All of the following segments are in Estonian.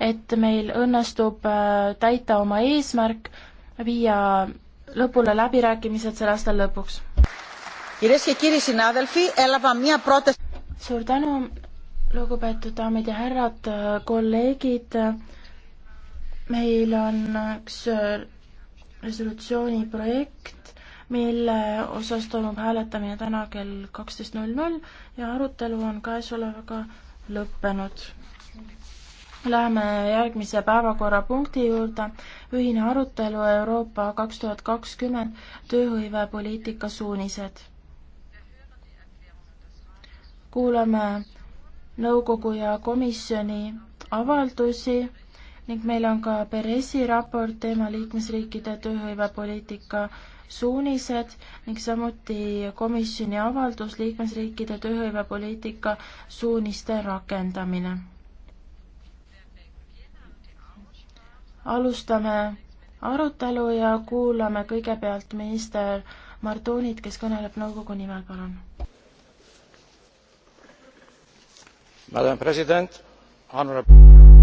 et meil õnnestub äh, täita oma eesmärk, viia lõpule läbirääkimised selle aasta lõpuks. suur tänu, lugupeetud daamid ja härrad, äh, kolleegid. meil on üks äh, resolutsiooni projekt, mille osas toimub hääletamine täna kell kaksteist null null ja arutelu on käesolevaga lõppenud. Läheme järgmise päevakorrapunkti juurde. ühine arutelu Euroopa kaks tuhat kakskümmend tööhõivepoliitika suunised. kuulame nõukogu ja komisjoni avaldusi ning meil on ka Peresi raport teema liikmesriikide tööhõivepoliitika suunised ning samuti komisjoni avaldus liikmesriikide tööhõivepoliitika suuniste rakendamine. alustame arutelu ja kuulame kõigepealt minister Martonit, kes kõneleb nõukogu nimel, palun. Madam President, honorable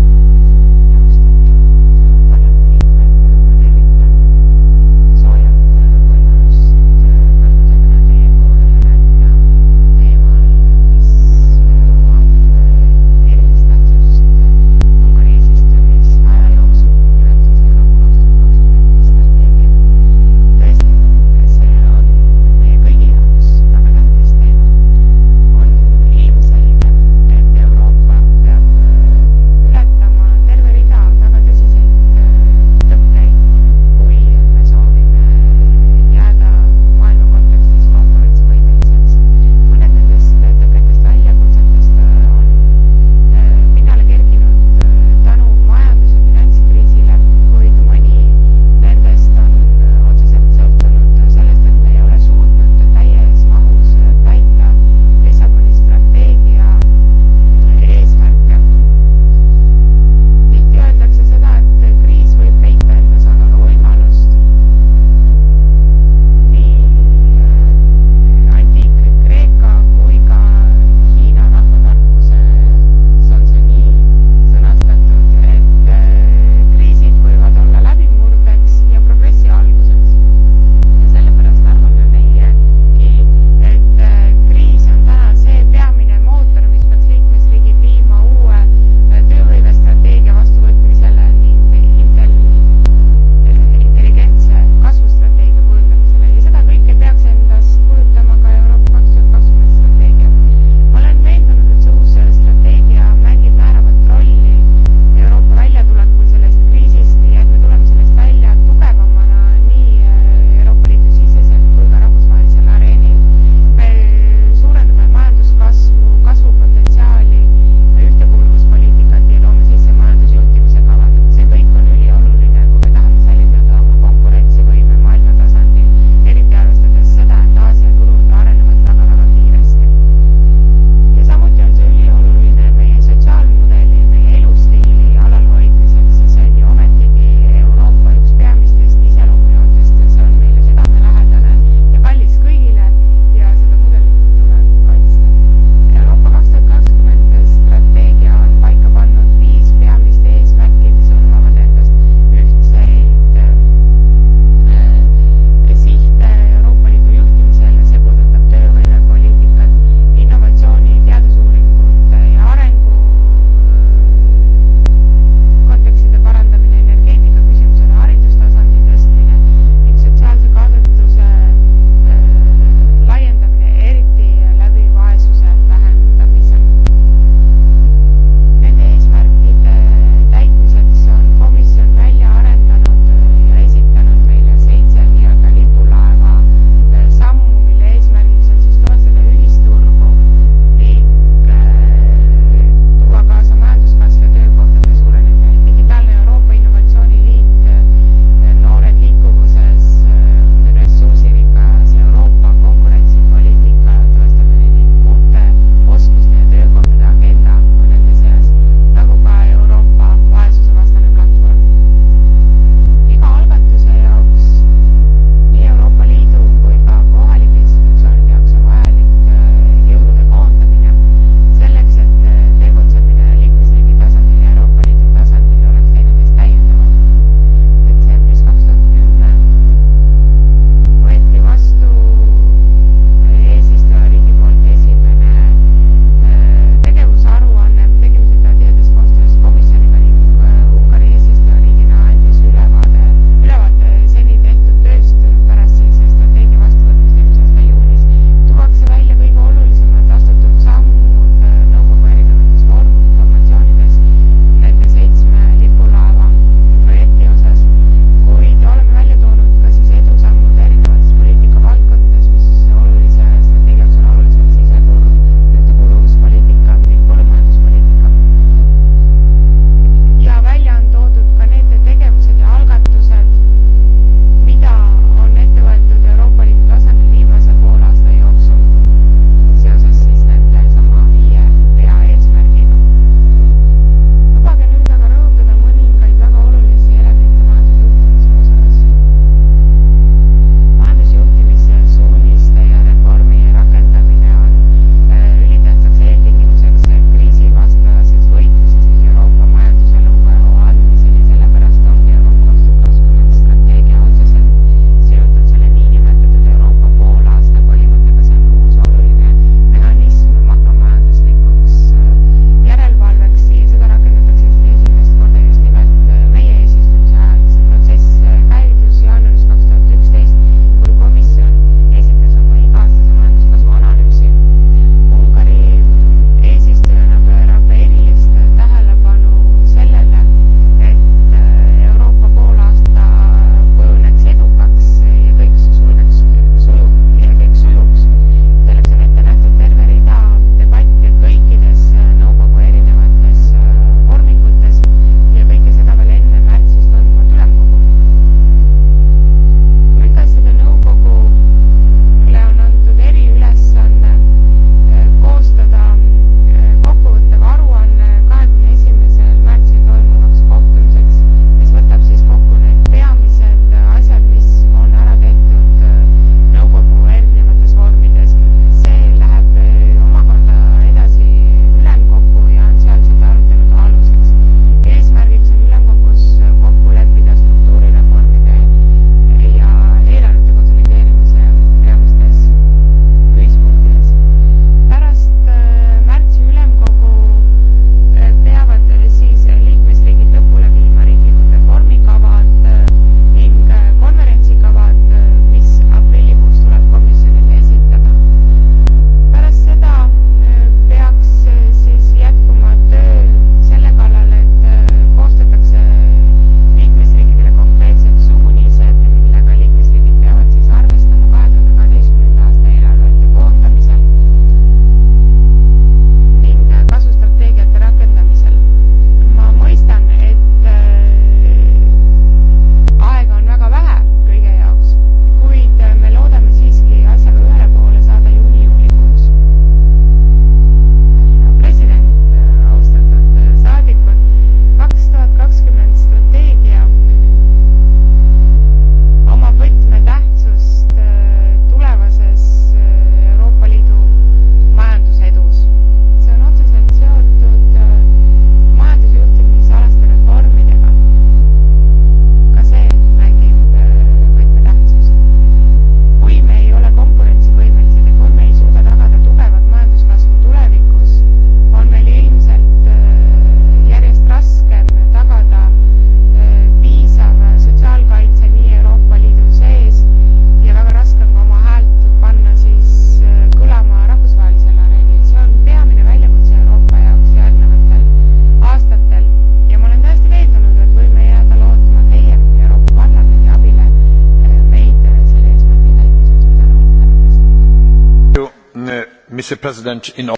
in...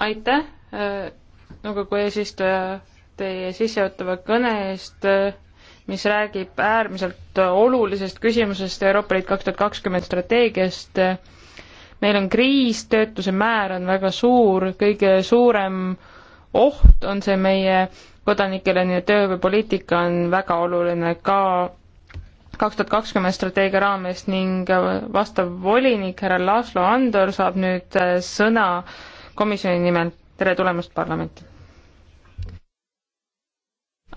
aitäh, äh, nõukogu eesistuja, teie sissejuhatava kõne eest, äh, mis räägib äärmiselt olulisest küsimusest Euroopa Liit kaks tuhat kakskümmend strateegiast. meil on kriis, töötuse määr on väga suur, kõige suurem oht on see meie kodanikele, nii et tööhõivepoliitika on väga oluline ka kaks tuhat kakskümmend strateegia raames ning äh, vastav volinik härra Laslo Andor saab nüüd äh, sõna komisjoni nimel. tere tulemast parlamenti!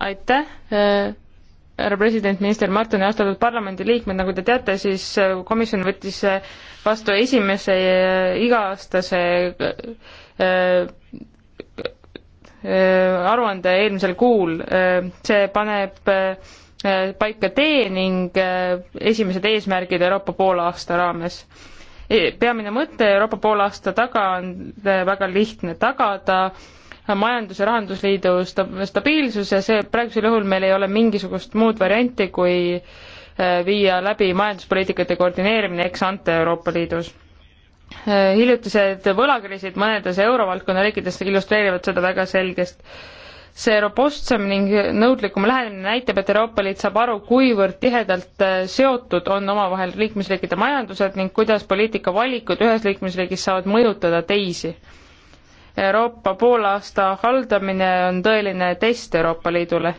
aitäh, äh, härra president, minister Martin ja austatud parlamendiliikmed, nagu te teate, siis komisjon võttis vastu esimese iga-aastase aruande eelmisel kuul. see paneb Äh, paika tee ning äh, esimesed eesmärgid Euroopa poolaasta raames. E, peamine mõte Euroopa poolaasta taga on äh, väga lihtne, tagada majandus- ja rahandusliidu stabiilsus ja see, praegusel juhul meil ei ole mingisugust muud varianti, kui viia läbi majanduspoliitikate koordineerimine ex ante Euroopa Liidus. hiljutised võlakriisid mõnedes eurovaldkonna riikides illustreerivad seda väga selgesti see robustsem ning nõudlikum lähenemine näitab, et Euroopa Liit saab aru, kuivõrd tihedalt äh, seotud on omavahel liikmesriikide majandused ning kuidas poliitika valikud ühes liikmesriigis saavad mõjutada teisi. Euroopa poolaasta haldamine on tõeline test Euroopa Liidule.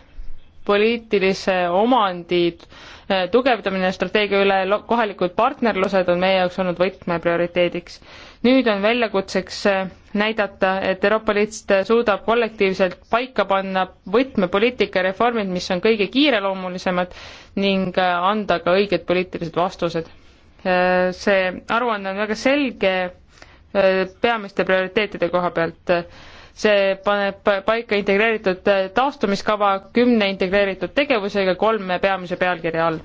poliitilise omandi äh, tugevdamine strateegia üle, kohalikud partnerlused on meie jaoks olnud võtmeprioriteediks nüüd on väljakutseks äh, näidata, et Euroopa Liit suudab kollektiivselt paika panna võtmepoliitika reformid, mis on kõige kiireloomulisemad ning äh, anda ka õiged poliitilised vastused. Äh, see aruanne on väga selge peamiste prioriteetide koha pealt see paneb paika integreeritud taastumiskava kümne integreeritud tegevusega kolme peamise pealkirja all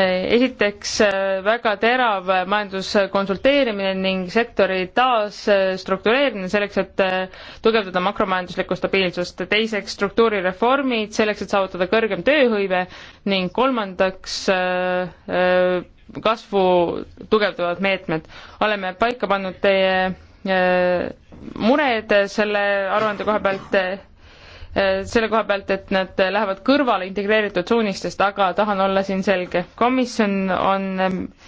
esiteks äh, väga terav majanduskonsulteerimine ning sektori taasstruktureerimine selleks, et äh, tugevdada makromajanduslikku stabiilsust, teiseks struktuurireformid selleks, et saavutada kõrgem tööhõive ning kolmandaks äh, kasvu tugevdavad meetmed. oleme paika pannud teie mured selle aruande koha pealt Eh, selle koha pealt, et nad lähevad kõrvale integreeritud suunistest, aga tahan olla siin selge. komisjon on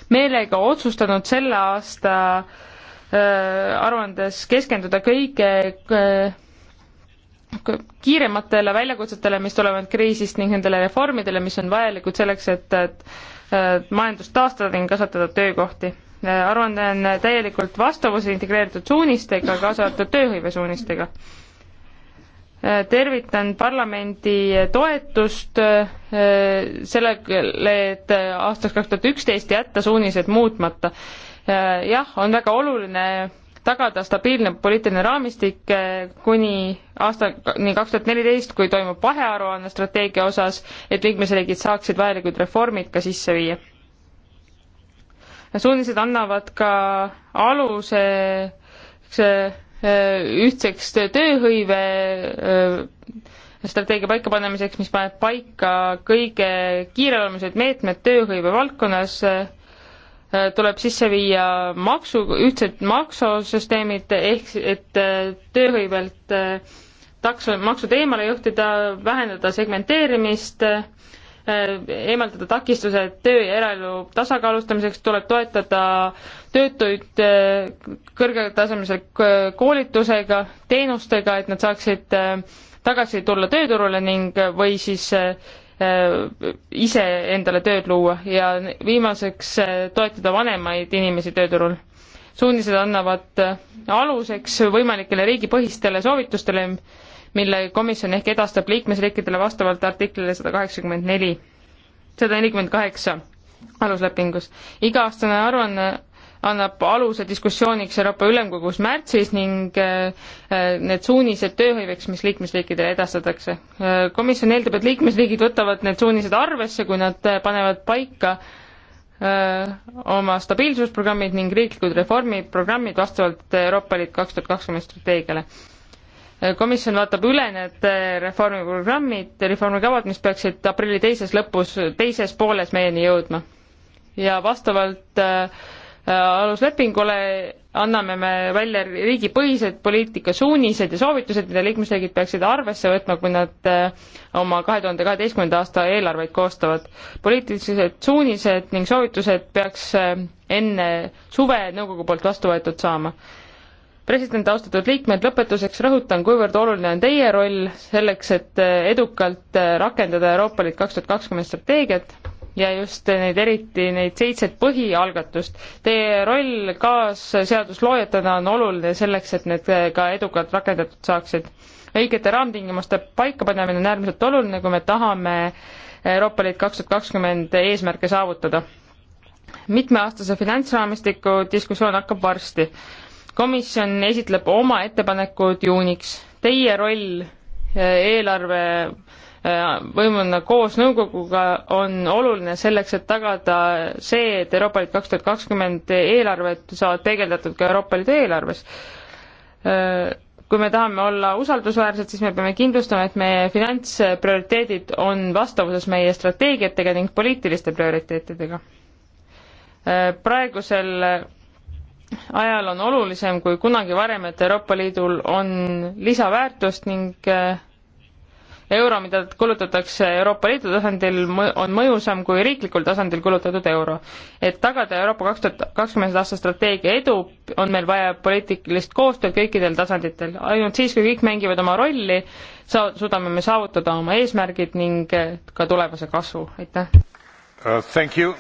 meelega otsustanud selle aasta eh, aruandes keskenduda kõige eh, kiirematele väljakutsetele, mis tulevad kriisist ning nendele reformidele, mis on vajalikud selleks, et, et majandust taastada ning kasvatada töökohti. aruanne on täielikult vastavuses integreeritud suunistega, kaasa arvatud tööhõivesuunistega tervitan parlamendi toetust äh, sellele, et aastaks kaks tuhat üksteist jätta suunised muutmata. Äh, jah, on väga oluline tagada stabiilne poliitiline raamistik äh, kuni aastani kaks tuhat neliteist, kui toimub vahearuanne strateegia osas, et liikmesriigid saaksid vajalikud reformid ka sisse viia. suunised annavad ka aluse see Äh, ühtseks tööhõive äh, strateegia paikapanemiseks, mis paneb paika kõige kiireloomulised meetmed tööhõive valdkonnas, äh, tuleb sisse viia maksu, ühtsed maksusüsteemid, ehk et tööhõivelt taks-, maksud eemale juhtida, vähendada segmenteerimist, eemaldada takistused töö ja eraelu tasakaalustamiseks, tuleb toetada äh, töötuid äh, kõrgetasemelisel äh, koolitusega, teenustega, et nad saaksid äh, tagasi tulla tööturule ning, või siis ise endale tööd luua ja viimaseks toetada vanemaid inimesi tööturul. suunised annavad aluseks võimalikele riigipõhistele soovitustele, mille komisjon ehk edastab liikmesriikidele vastavalt artiklile sada kaheksakümmend neli, sada nelikümmend kaheksa aluslepingus. iga-aastane aruanne annab aluse diskussiooniks Euroopa Ülemkogus märtsis ning äh, äh, need suunised tööhõiveks, mis liikmesriikidele edastatakse. Äh, komisjon eeldab, et liikmesriigid võtavad need suunised arvesse, kui nad panevad paika oma stabiilsusprogrammid ning riiklikud reformiprogrammid vastavalt Euroopa Liit kaks tuhat kakskümmend strateegiale. komisjon vaatab üle need reformiprogrammid, reformikavad, mis peaksid aprilli teises lõpus, teises pooles meieni jõudma. ja vastavalt äh, Äh, aluslepingule anname me välja riigipõhised poliitikasuunised ja soovitused, mida liikmesriigid peaksid arvesse võtma, kui nad äh, oma kahe tuhande kaheteistkümnenda aasta eelarveid koostavad. poliitilised suunised ning soovitused peaks äh, enne suve nõukogu poolt vastu võetud saama. president, austatud liikmed, lõpetuseks rõhutan, kuivõrd oluline on teie roll selleks, et edukalt rakendada Euroopa Liit kaks tuhat kakskümmend strateegiat ja just neid eriti, neid seitset põhialgatust. Teie roll kaasseadusloojatena on oluline selleks, et need ka edukalt rakendatud saaksid. õigete raamtingimuste paikapanemine on äärmiselt oluline, kui me tahame Euroopa Liit kaks tuhat kakskümmend eesmärke saavutada. mitmeaastase finantsraamistiku diskussioon hakkab varsti. komisjon esitleb oma ettepanekud juuniks. Teie roll eelarve võimuna koos nõukoguga on oluline selleks, et tagada see, et Euroopa Liit kaks tuhat kakskümmend eelarved saavad peegeldatud ka Euroopa Liidu eelarves. kui me tahame olla usaldusväärsed, siis me peame kindlustama, et meie finantsprioriteedid on vastavuses meie strateegiatega ning poliitiliste prioriteetidega. praegusel ajal on olulisem kui kunagi varem, et Euroopa Liidul on lisaväärtust ning äh, euro, mida kulutatakse Euroopa Liidu tasandil, on mõjusam kui riiklikul tasandil kulutatud euro. et tagada Euroopa kaks tuhat kakskümmend aasta strateegia edu, on meil vaja poliitilist koostööd kõikidel tasanditel. ainult siis, kui kõik mängivad oma rolli, saa-, suudame me saavutada oma eesmärgid ning ka tulevase kasvu, aitäh uh,!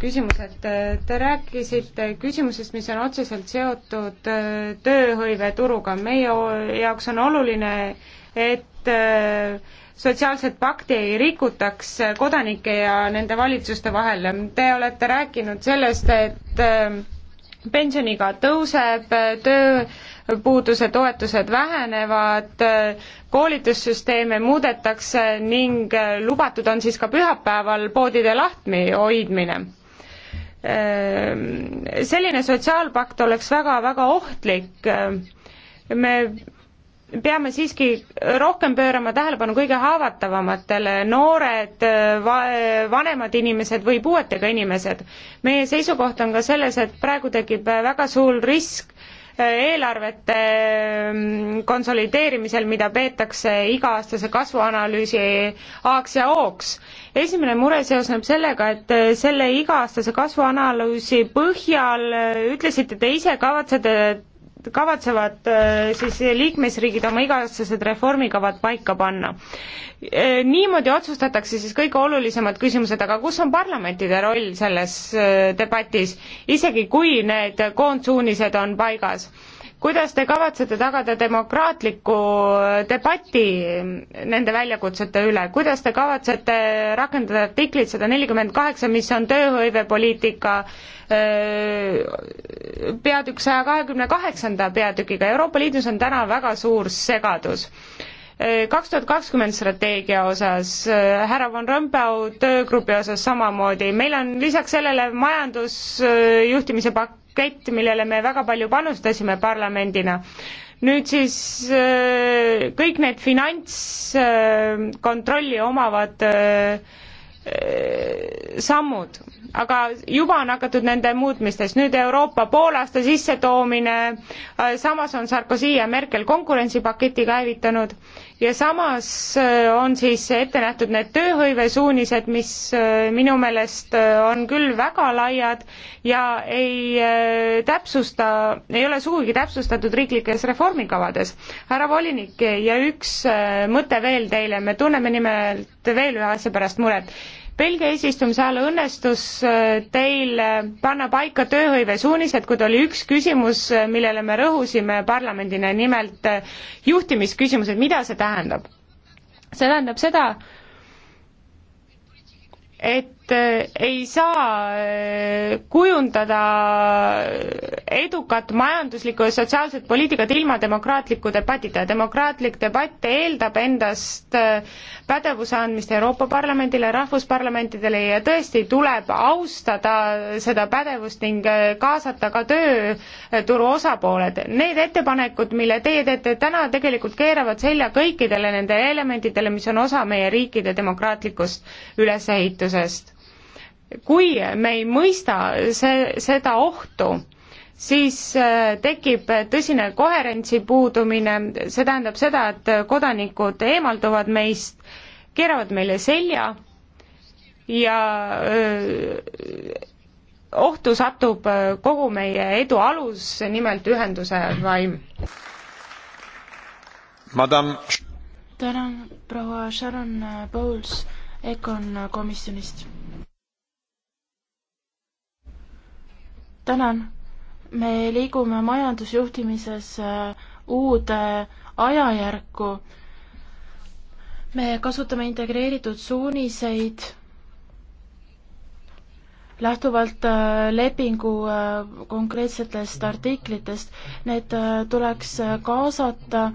küsimuselt. Äh, te rääkisite küsimusest, mis on otseselt seotud äh, tööhõiveturuga. meie jaoks on oluline, et äh, sotsiaalset pakti ei rikutaks kodanike ja nende valitsuste vahel. Te olete rääkinud sellest, et pensioniiga tõuseb, tööpuuduse toetused vähenevad, koolitussüsteeme muudetakse ning lubatud on siis ka pühapäeval poodide lahti hoidmine Ehm, selline sotsiaalpakt oleks väga-väga ohtlik. Ehm, me peame siiski rohkem pöörama tähelepanu kõige haavatavamatele, noored eh, va, vanemad inimesed või puuetega inimesed. meie seisukoht on ka selles, et praegu tekib väga suur risk, eelarvete mm, konsolideerimisel, mida peetakse iga-aastase kasvuanalüüsi A-ks ja O-ks. esimene mure seosneb sellega, et äh, selle iga-aastase kasvuanalüüsi põhjal äh, ütlesite te ise, kavatsete kavatsevad äh, siis liikmesriigid oma igasugused reformikavad paika panna. Äh, niimoodi otsustatakse siis kõige olulisemad küsimused, aga kus on parlamentide roll selles äh, debatis, isegi kui need koondsuunised on paigas kuidas te kavatsete tagada demokraatliku äh, debati nende väljakutsete üle, kuidas te kavatsete rakendada artiklit sada nelikümmend kaheksa, mis on tööhõivepoliitika äh, peatükk saja kahekümne kaheksanda peatükiga, Euroopa Liidus on täna väga suur segadus kaks tuhat kakskümmend strateegia osas, äh, härra Von Rompau töögrupi osas samamoodi, meil on lisaks sellele majandusjuhtimise pakett, millele me väga palju panustasime parlamendina. nüüd siis äh, kõik need finantskontrolli omavad äh, sammud, aga juba on hakatud nende muutmistes, nüüd Euroopa poolaasta sissetoomine, samas on Sarkozy ja Merkel konkurentsipaketi käivitanud ja samas äh, on siis ette nähtud need tööhõivesuunised, mis äh, minu meelest äh, on küll väga laiad ja ei täpsusta, ei ole sugugi täpsustatud riiklikes reformikavades. härra volinik, ja üks mõte veel teile, me tunneme nimelt veel ühe asja pärast muret Belgia eesistumise ajal õnnestus äh, teil äh, panna paika tööhõivesuunised, kuid oli üks küsimus, äh, millele me rõhusime parlamendina, nimelt juhtimisküsimused, mida see tähendab? see tähendab seda, et Eh, ei saa eh, kujundada edukat majanduslikku ja sotsiaalset poliitikat ilma demokraatliku debatita ja demokraatlik debatt eeldab endast eh, pädevuse andmist Euroopa Parlamendile, rahvusparlamentidele ja tõesti tuleb austada seda pädevust ning kaasata ka tööturu osapooled. Need ettepanekud, mille teie teete täna, tegelikult keeravad selja kõikidele nendele elementidele, mis on osa meie riikide demokraatlikust ülesehitusest kui me ei mõista see, seda ohtu, siis äh, tekib tõsine koherentsi puudumine, see tähendab seda, et kodanikud eemalduvad meist, keeravad meile selja ja öö, äh, ohtu satub äh, kogu meie edu alus, nimelt ühenduse vaim. Madam. tänan, proua Sharon Bowles EKOn komisjonist tänan. me liigume majandusjuhtimises äh, uude ajajärku. me kasutame integreeritud suuniseid lähtuvalt äh, lepingu äh, konkreetsetest artiklitest. Need tuleks kaasata,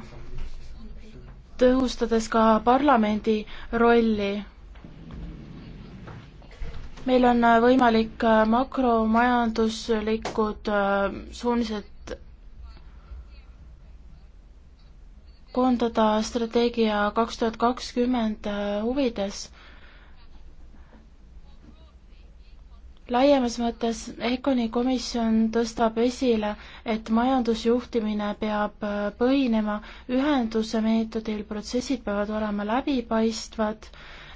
tõhustades ka parlamendi rolli meil on äh, võimalik äh, makromajanduslikud äh, suunised koondada strateegia kaks tuhat kakskümmend huvides laiemas mõttes EKONi komisjon tõstab esile, et majandusjuhtimine peab põhinema ühenduse meetodil, protsessid peavad olema läbipaistvad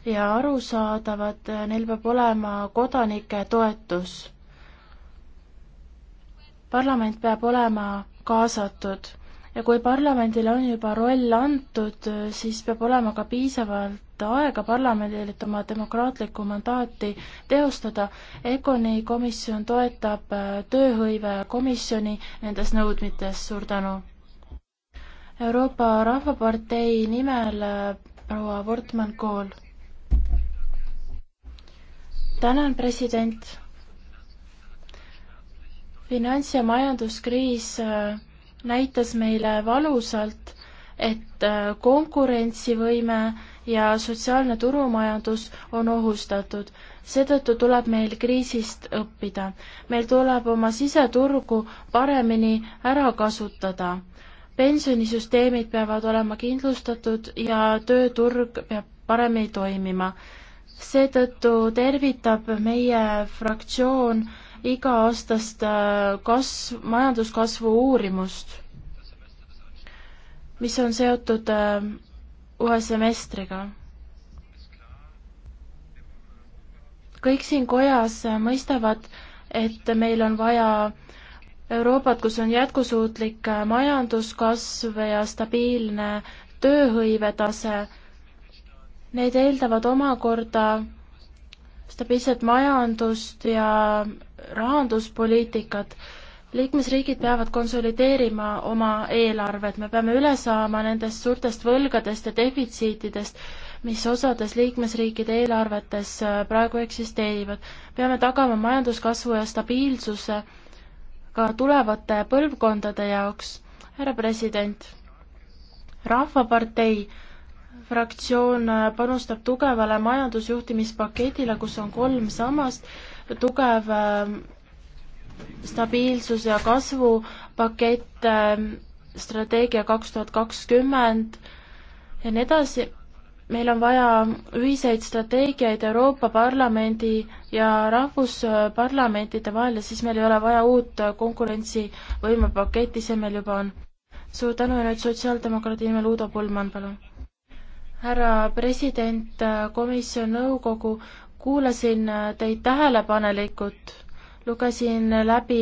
ja arusaadavad, neil peab olema kodanike toetus. parlament peab olema kaasatud ja kui parlamendile on juba roll antud, siis peab olema ka piisavalt aega parlamendil, et oma demokraatlikku mandaati teostada. EGONi komisjon toetab äh, tööhõivekomisjoni nendes nõudmites, suur tänu! Euroopa Rahvapartei nimel äh, proua Wortmann Kool tänan, president. finants- ja majanduskriis äh, näitas meile valusalt, et äh, konkurentsivõime ja sotsiaalne turumajandus on ohustatud. seetõttu tuleb meil kriisist õppida. meil tuleb oma siseturgu paremini ära kasutada. pensionisüsteemid peavad olema kindlustatud ja tööturg peab paremini toimima seetõttu tervitab meie fraktsioon iga-aastast äh, kasv, majanduskasvu uurimust, mis on seotud uue äh, semestriga. kõik siin kojas mõistavad, et meil on vaja Euroopat, kus on jätkusuutlik äh, majanduskasv ja stabiilne tööhõivetase Need eeldavad omakorda stabiilset majandust ja rahanduspoliitikat. liikmesriigid peavad konsolideerima oma eelarved, me peame üle saama nendest suurtest võlgadest ja defitsiitidest, mis osades liikmesriikide eelarvetes äh, praegu eksisteerivad. peame tagama majanduskasvu ja stabiilsuse ka tulevate põlvkondade jaoks. härra president, Rahvapartei fraktsioon panustab tugevale majandusjuhtimispaketile, kus on kolm sammast, tugev äh, stabiilsus ja kasvupakett, äh, strateegia kaks tuhat kakskümmend ja nii edasi. meil on vaja ühiseid strateegiaid Euroopa Parlamendi ja rahvusparlamentide vahel ja siis meil ei ole vaja uut konkurentsivõimepaketti, see meil juba on. suur tänu ja nüüd sotsiaaldemokraadi nimel Uudo Pulman, palun härra president, komisjon, nõukogu, kuulasin teid tähelepanelikult, lugesin läbi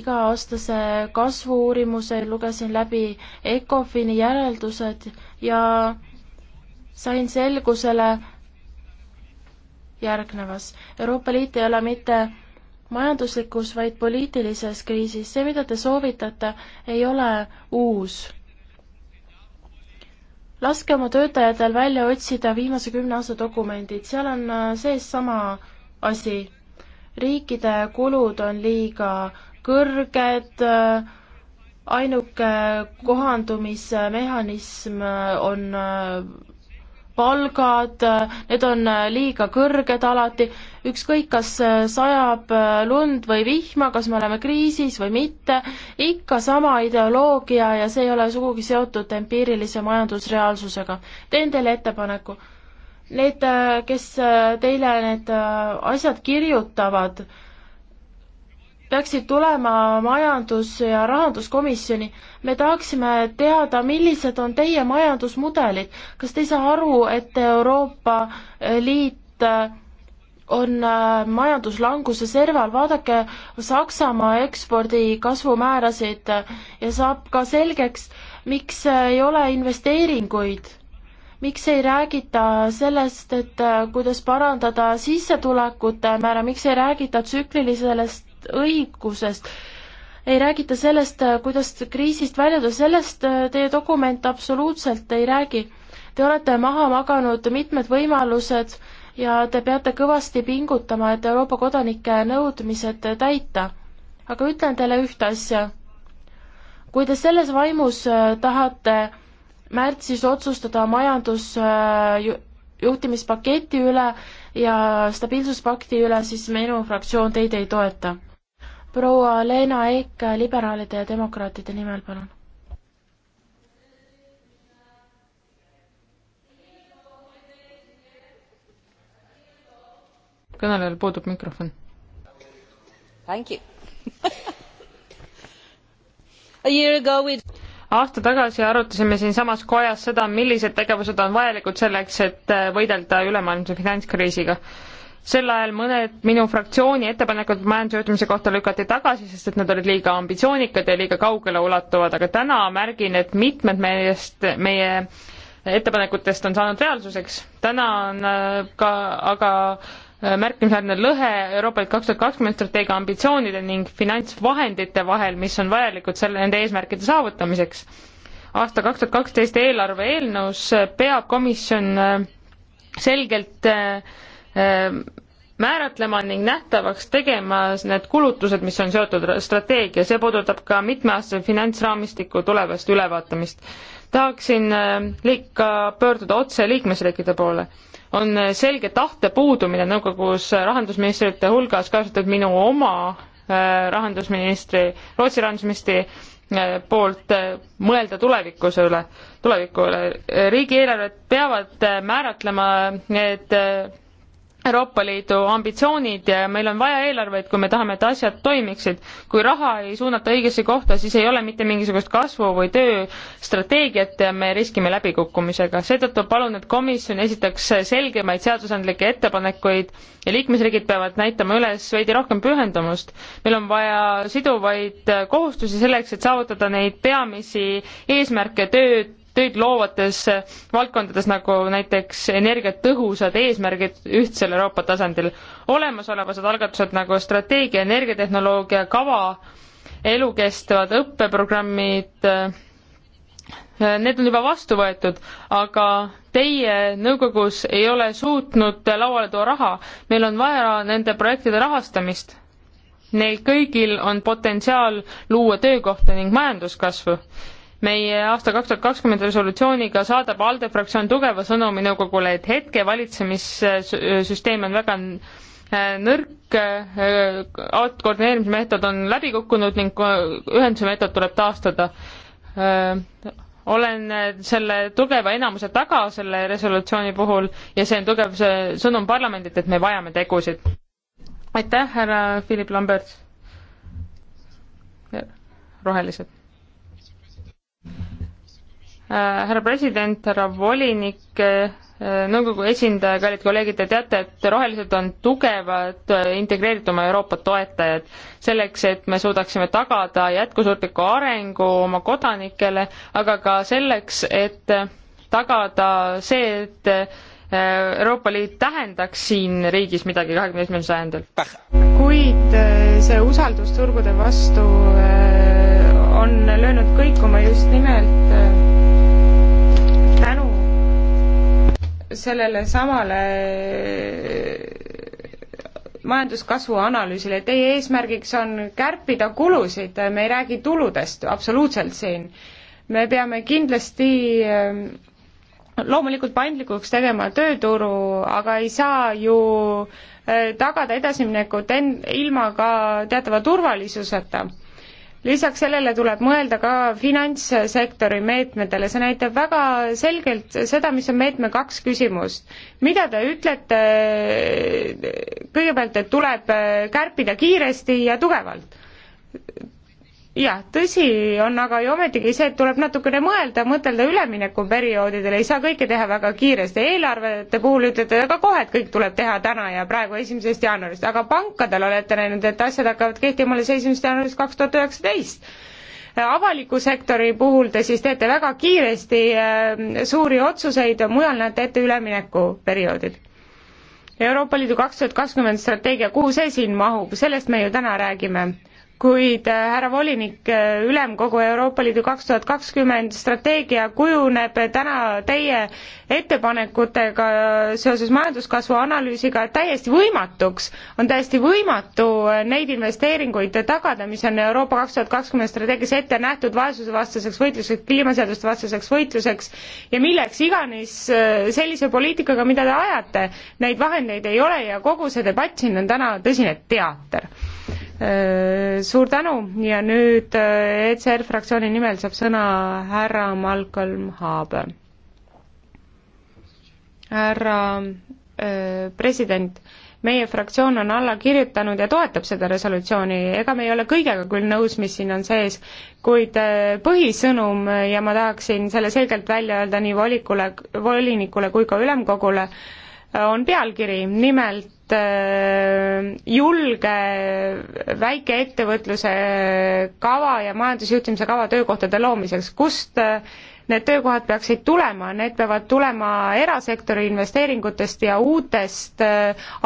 iga-aastase kasvu-uurimuse, lugesin läbi ECOFIN-i järeldused ja sain selgusele järgnevas. Euroopa Liit ei ole mitte majanduslikus, vaid poliitilises kriisis. see, mida te soovitate, ei ole uus laske oma töötajatel välja otsida viimase kümne aasta dokumendid, seal on äh, sees sama asi. riikide kulud on liiga kõrged, äh, ainuke kohandumismehhanism äh, on palgad, need on liiga kõrged alati, ükskõik, kas sajab lund või vihma, kas me oleme kriisis või mitte, ikka sama ideoloogia ja see ei ole sugugi seotud empiirilise majandusreaalsusega. teen teile ettepaneku. Need, kes teile need asjad kirjutavad, peaksid tulema majandus- ja rahanduskomisjoni. me tahaksime teada, millised on teie majandusmudelid. kas te ei saa aru, et Euroopa Liit äh, on äh, majanduslanguse serval, vaadake Saksamaa ekspordi kasvumäärasid äh, ja saab ka selgeks, miks ei ole investeeringuid. miks ei räägita sellest, et kuidas parandada sissetulekute määra, miks ei räägita tsüklilisest rahvusvahelisest õigusest, ei räägita sellest, äh, kuidas kriisist väljuda, sellest äh, teie dokument absoluutselt ei räägi. Te olete maha maganud mitmed võimalused ja te peate kõvasti pingutama, et Euroopa kodanike nõudmised täita. aga ütlen teile ühte asja. kui te selles vaimus äh, tahate märtsis otsustada majandus juhtimispaketi üle ja stabiilsuspakti üle, siis minu fraktsioon teid ei toeta proua Leena Eik liberaalide ja demokraatide nimel, palun. kõnelejal puudub mikrofon. Thank you A year ago we aasta tagasi arutasime siinsamas kojas seda, millised tegevused on vajalikud selleks, et võidelda ülemaailmse finantskriisiga sel ajal mõned minu fraktsiooni ettepanekud majandusjuhtimise kohta lükati tagasi, sest et nad olid liiga ambitsioonikad ja liiga kaugele ulatuvad, aga täna märgin, et mitmed meist, meie ettepanekutest on saanud reaalsuseks. täna on äh, ka aga äh, märkimisväärne lõhe Euroopa Liit kaks tuhat kakskümmend strateegia ambitsioonide ning finantsvahendite vahel, mis on vajalikud selle, nende eesmärkide saavutamiseks. aasta kaks tuhat kaksteist eelarve eelnõus peab komisjon äh, selgelt äh, Ähm, määratlema ning nähtavaks tegema need kulutused, mis on seotud strateegia, see puudutab ka mitmeaastase finantsraamistiku tulevast ülevaatamist. tahaksin ähm, ka pöörduda otse liikmesriikide poole. on äh, selge tahte puudumine nõukogus rahandusministrite hulgas, kasutades minu oma äh, rahandusministri, Rootsi rahandusministri äh, poolt mõelda tulevikuse üle, tuleviku üle. riigieelarved peavad määratlema need Euroopa Liidu ambitsioonid ja meil on vaja eelarveid, kui me tahame, et asjad toimiksid. kui raha ei suunata õigesse kohta, siis ei ole mitte mingisugust kasvu või tööstrateegiat ja me riskime läbikukkumisega. seetõttu palun, et komisjon esitaks selgemaid seadusandlikke ettepanekuid ja liikmesriigid peavad näitama üles veidi rohkem pühendumust. meil on vaja siduvaid kohustusi selleks, et saavutada neid peamisi eesmärke tööd, tööd loovates valdkondades, nagu näiteks energiatõhusad eesmärgid ühtsel Euroopa tasandil. olemasolevased algatused nagu strateegia, energiatehnoloogia kava, elukestvad õppeprogrammid, need on juba vastu võetud, aga teie nõukogus ei ole suutnud lauale tuua raha. meil on vaja nende projektide rahastamist. Neil kõigil on potentsiaal luua töökohta ning majanduskasvu meie aasta kaks tuhat kakskümmend resolutsiooniga saadab ALDE fraktsioon tugeva sõnumi nõukogule, et hetke valitsemissüsteem on väga äh, nõrk, äh, koordineerimise meetod on läbi kukkunud ning äh, ühenduse meetod tuleb taastada. olen selle tugeva enamuse taga selle resolutsiooni puhul ja see on tugev see sõnum parlamendilt, et me vajame tegusid. aitäh, härra Philip Lambert. rohelised Äh, härra president, härra volinik, äh, nõukogu esindaja, kallid kolleegid, te teate, et rohelised on tugevad äh, integreerituma Euroopa toetajad. selleks, et me suudaksime tagada jätkusuutliku arengu oma kodanikele, aga ka selleks, et tagada see, et Euroopa Liit tähendaks siin riigis midagi kahekümne esimesel sajandil. kuid see usaldus turgude vastu on löönud kõikuma just nimelt sellele samale majanduskasvu analüüsile, teie eesmärgiks on kärpida kulusid, me ei räägi tuludest absoluutselt siin. me peame kindlasti ähm, loomulikult paindlikuks tegema tööturu, aga ei saa ju äh, tagada edasiminekut en-, ilma ka teatava turvalisuseta lisaks sellele tuleb mõelda ka finantssektori meetmetele, see näitab väga selgelt seda, mis on meetme kaks küsimust. mida te ütlete kõigepealt, et tuleb kärpida kiiresti ja tugevalt? jah, tõsi on aga ju ometigi see, et tuleb natukene mõelda, mõtelda üleminekuperioodidele, ei saa kõike teha väga kiiresti, eelarvete puhul ütlete aga kohe, et kõik tuleb teha täna ja praegu esimesest jaanuarist, aga pankadel olete näinud, et asjad hakkavad kehtima alles esimesest jaanuarist kaks tuhat üheksateist avaliku sektori puhul te siis teete väga kiiresti äh, suuri otsuseid, mujal näete ette üleminekuperioodid. Euroopa Liidu kaks tuhat kakskümmend strateegia, kuhu see siin mahub, sellest me ju täna räägime kuid äh, härra volinik, äh, ülemkogu Euroopa Liidu kaks tuhat kakskümmend strateegia kujuneb täna teie ettepanekutega äh, seoses majanduskasvu analüüsiga täiesti võimatuks. on täiesti võimatu neid investeeringuid tagada, mis on Euroopa kaks tuhat kakskümmend strateegias ette nähtud vaesusevastaseks võitluseks, kliimaseaduste vastaseks võitluseks ja milleks iganes sellise poliitikaga, mida te ajate, neid vahendeid ei ole ja kogu see debatt siin on täna tõsine teater Äh, suur tänu ja nüüd äh, ECR fraktsiooni nimel saab sõna härra Malcolm Haaber. härra äh, president, meie fraktsioon on alla kirjutanud ja toetab seda resolutsiooni, ega me ei ole kõigega küll nõus, mis siin on sees, kuid põhisõnum ja ma tahaksin selle selgelt välja öelda nii volikule, volinikule kui ka ülemkogule, on pealkiri, nimelt äh, julge väikeettevõtluse äh, kava ja majandusjuhtimise kava töökohtade loomiseks, kust äh, need töökohad peaksid tulema, need peavad tulema erasektori investeeringutest ja uutest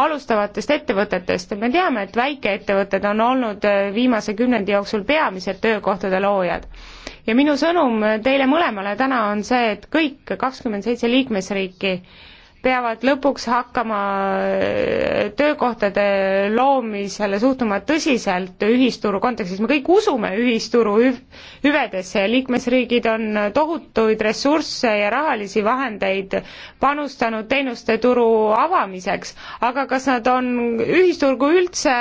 alustavatest ettevõtetest. me teame, et väikeettevõtted on olnud viimase kümnendi jooksul peamised töökohtade loojad. ja minu sõnum teile mõlemale täna on see, et kõik kakskümmend seitse liikmesriiki peavad lõpuks hakkama äh, töökohtade loomisele suhtuma tõsiselt ühisturu kontekstis, me kõik usume ühisturu hüv-, hüvedesse ja liikmesriigid on tohutuid ressursse ja rahalisi vahendeid panustanud teenuste turu avamiseks, aga kas nad on ühisturgu üldse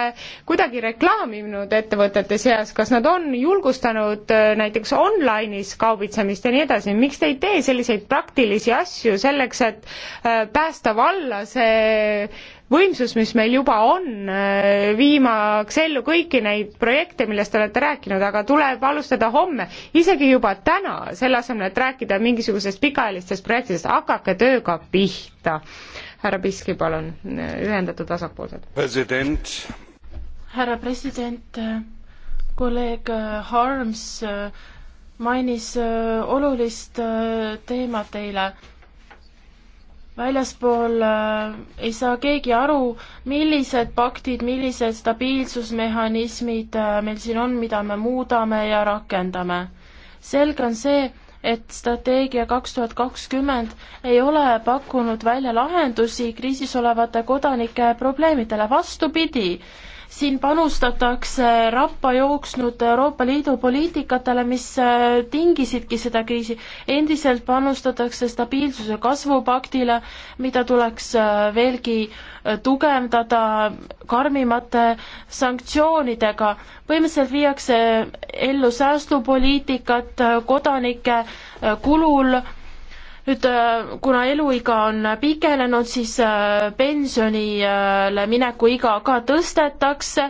kuidagi reklaaminud ettevõtete seas, kas nad on julgustanud äh, näiteks online'is kaubitsemist ja nii edasi, miks te ei tee selliseid praktilisi asju selleks, et äh, päästa valla see võimsus, mis meil juba on, äh, viimaks ellu kõiki neid projekte, millest te olete rääkinud, aga tuleb alustada homme, isegi juba täna, selle asemel, et rääkida mingisugusest pikaajalistest projektidest, hakake tööga pihta. härra Piski, palun, Ühendatud Vasakpoolsed. president. härra president, kolleeg Harms mainis äh, olulist äh, teemat eile väljaspool äh, ei saa keegi aru, millised paktid, millised stabiilsusmehhanismid äh, meil siin on, mida me muudame ja rakendame. selge on see, et strateegia kaks tuhat kakskümmend ei ole pakkunud välja lahendusi kriisis olevate kodanike probleemidele, vastupidi siin panustatakse rappa jooksnud Euroopa Liidu poliitikatele, mis äh, tingisidki seda kriisi. endiselt panustatakse stabiilsuse kasvupaktile, mida tuleks äh, veelgi äh, tugevdada karmimate sanktsioonidega. põhimõtteliselt viiakse ellu säästupoliitikat kodanike kulul nüüd äh, kuna eluiga on pikenenud, siis äh, pensionile mineku iga ka tõstetakse,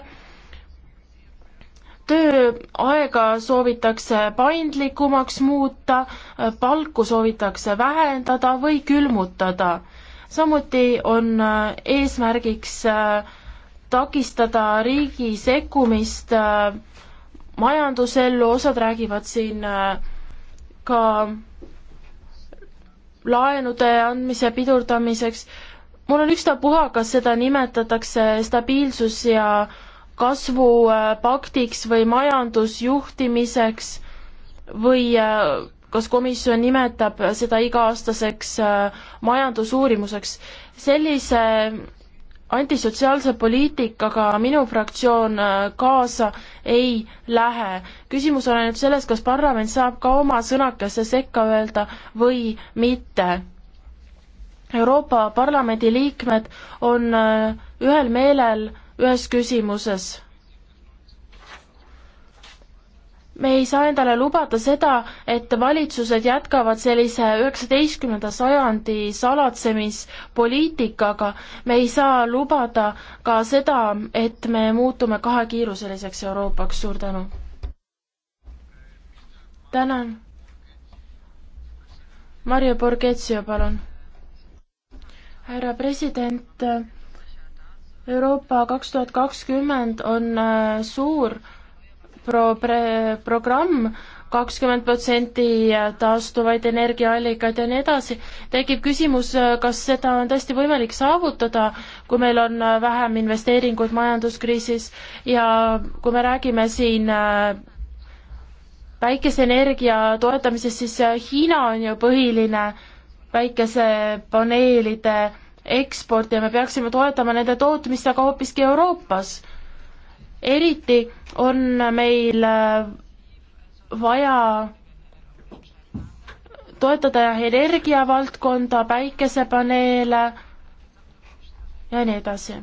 tööaega soovitakse paindlikumaks muuta, äh, palku soovitakse vähendada või külmutada. samuti on eesmärgiks takistada riigi sekkumist majandusellu, osad räägivad siin ka laenude andmise pidurdamiseks. mul on ükstapuha, kas seda nimetatakse stabiilsus ja kasvupaktiks või majandusjuhtimiseks või äh, kas komisjon nimetab seda iga-aastaseks äh, majandusuurimuseks. sellise antisotsiaalse poliitikaga minu fraktsioon äh, kaasa ei lähe. küsimus on ainult selles, kas parlament saab ka oma sõnakese sekka öelda või mitte. Euroopa Parlamendi liikmed on äh, ühel meelel ühes küsimuses me ei saa endale lubada seda, et valitsused jätkavad sellise üheksateistkümnenda sajandi salatsemispoliitikaga. me ei saa lubada ka seda, et me muutume kahekiiruseliseks Euroopaks, suur tänu. tänan. Marju Borgetsio, palun. härra president, Euroopa kaks tuhat kakskümmend on äh, suur pro-, pre, programm, kakskümmend protsenti taastuvaid energiaallikaid ja nii edasi, tekib küsimus, kas seda on tõesti võimalik saavutada, kui meil on vähem investeeringuid majanduskriisis ja kui me räägime siin päikeseenergia toetamisest, siis Hiina on ju põhiline päikesepaneelide eksport ja me peaksime toetama nende tootmist aga hoopiski Euroopas eriti on meil äh, vaja toetada energiavaldkonda, päikesepaneele ja nii edasi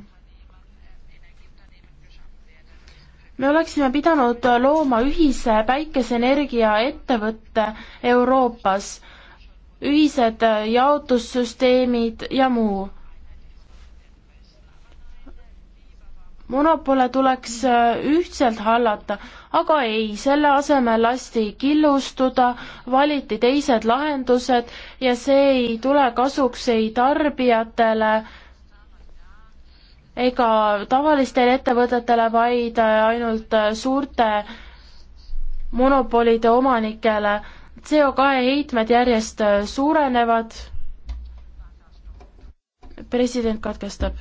me oleksime pidanud looma ühise päikeseenergia ettevõtte Euroopas, ühised jaotussüsteemid ja muu monopole tuleks äh, ühtselt hallata, aga ei, selle asemel lasti killustuda, valiti teised lahendused ja see ei tule kasuks ei tarbijatele ega tavalistele ettevõtetele, vaid äh, ainult äh, suurte monopolide omanikele. CO2 heitmed järjest suurenevad. president katkestab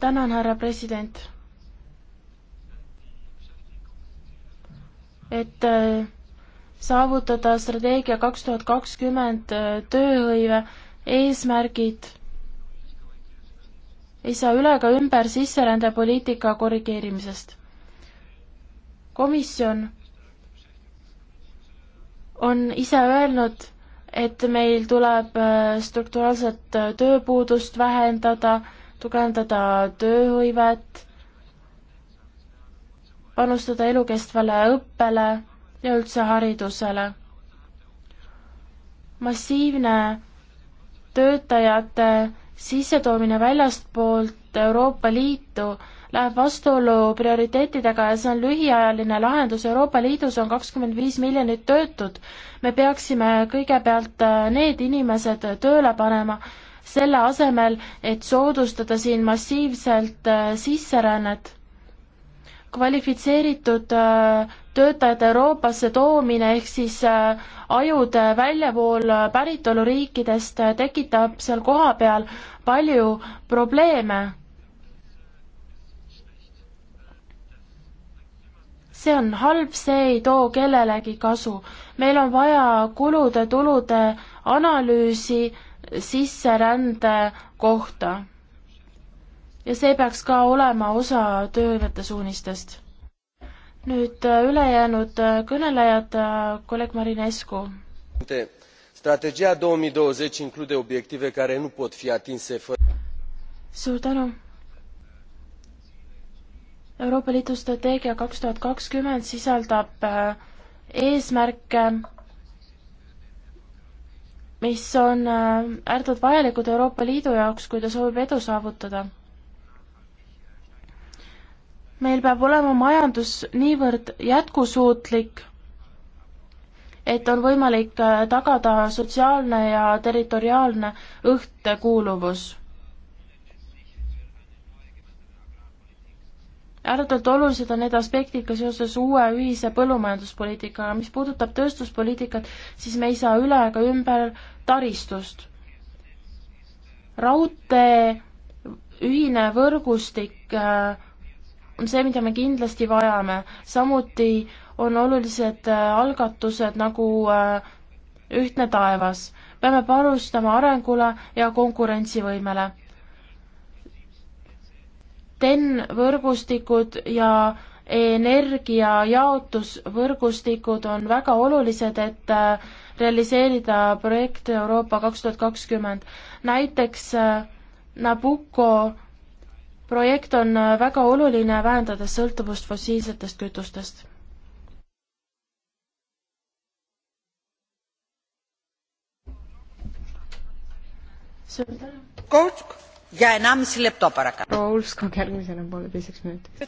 tänan, härra president. et äh, saavutada strateegia kaks tuhat kakskümmend äh, tööhõive eesmärgid ei saa üle ega ümber sisserändepoliitika korrigeerimisest. komisjon on ise öelnud, et meil tuleb äh, strukturaalset tööpuudust vähendada tugevdada tööhõivet, panustada elukestvale õppele ja üldse haridusele. massiivne töötajate sissetoomine väljastpoolt Euroopa Liitu läheb vastuollu prioriteetidega ja see on lühiajaline lahendus. Euroopa Liidus on kakskümmend viis miljonit töötut. me peaksime kõigepealt need inimesed tööle panema selle asemel, et soodustada siin massiivselt äh, sisserännet. kvalifitseeritud äh, töötajate Euroopasse toomine ehk siis äh, ajude väljavool päritoluriikidest tekitab seal kohapeal palju probleeme see on halb, see ei too kellelegi kasu. meil on vaja kulude-tulude analüüsi sisserände kohta. ja see peaks ka olema osa tööhõivete suunistest. nüüd äh, ülejäänud äh, kõnelejad, äh, kolleeg Marinescu. strateegia kaks tuhat include obiective care nu pot fi atinse fără suur tänu Euroopa Liidu strateegia kaks tuhat kakskümmend sisaldab eesmärke, mis on äh, ääretult vajalikud Euroopa Liidu jaoks, kui ta soovib edu saavutada. meil peab olema majandus niivõrd jätkusuutlik, et on võimalik äh, tagada sotsiaalne ja territoriaalne õhtekuuluvus ääretult olulised on need aspektid ka seoses uue ühise põllumajanduspoliitikaga. mis puudutab tööstuspoliitikat, siis me ei saa üle ega ümber taristust. raudtee ühine võrgustik äh, on see, mida me kindlasti vajame, samuti on olulised äh, algatused nagu äh, ühtne taevas. peame panustama arengule ja konkurentsivõimele TEN-võrgustikud ja energiajaotusvõrgustikud on väga olulised, et äh, realiseerida projekt Euroopa kaks tuhat kakskümmend. näiteks äh, Nabucco projekt on äh, väga oluline, vähendades sõltuvust fossiilsetest kütustest. suur tänu! proua Ulfskog järgmisena pooleteiseks minutiks.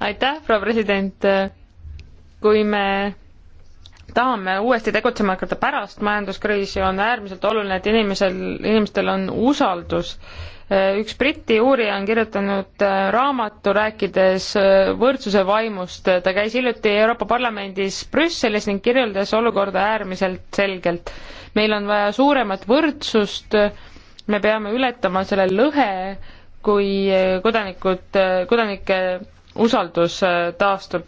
aitäh, proua president. kui me tahame uuesti tegutsema hakata pärast majanduskriisi, on äärmiselt oluline, et inimesel, inimestel on usaldus. üks Briti uurija on kirjutanud äh, raamatu, rääkides äh, võrdsuse vaimust. ta käis hiljuti Euroopa Parlamendis Brüsselis ning kirjeldas olukorda äärmiselt selgelt. meil on vaja suuremat võrdsust, me peame ületama selle lõhe, kui äh, kodanikud, kodanike usaldus taastub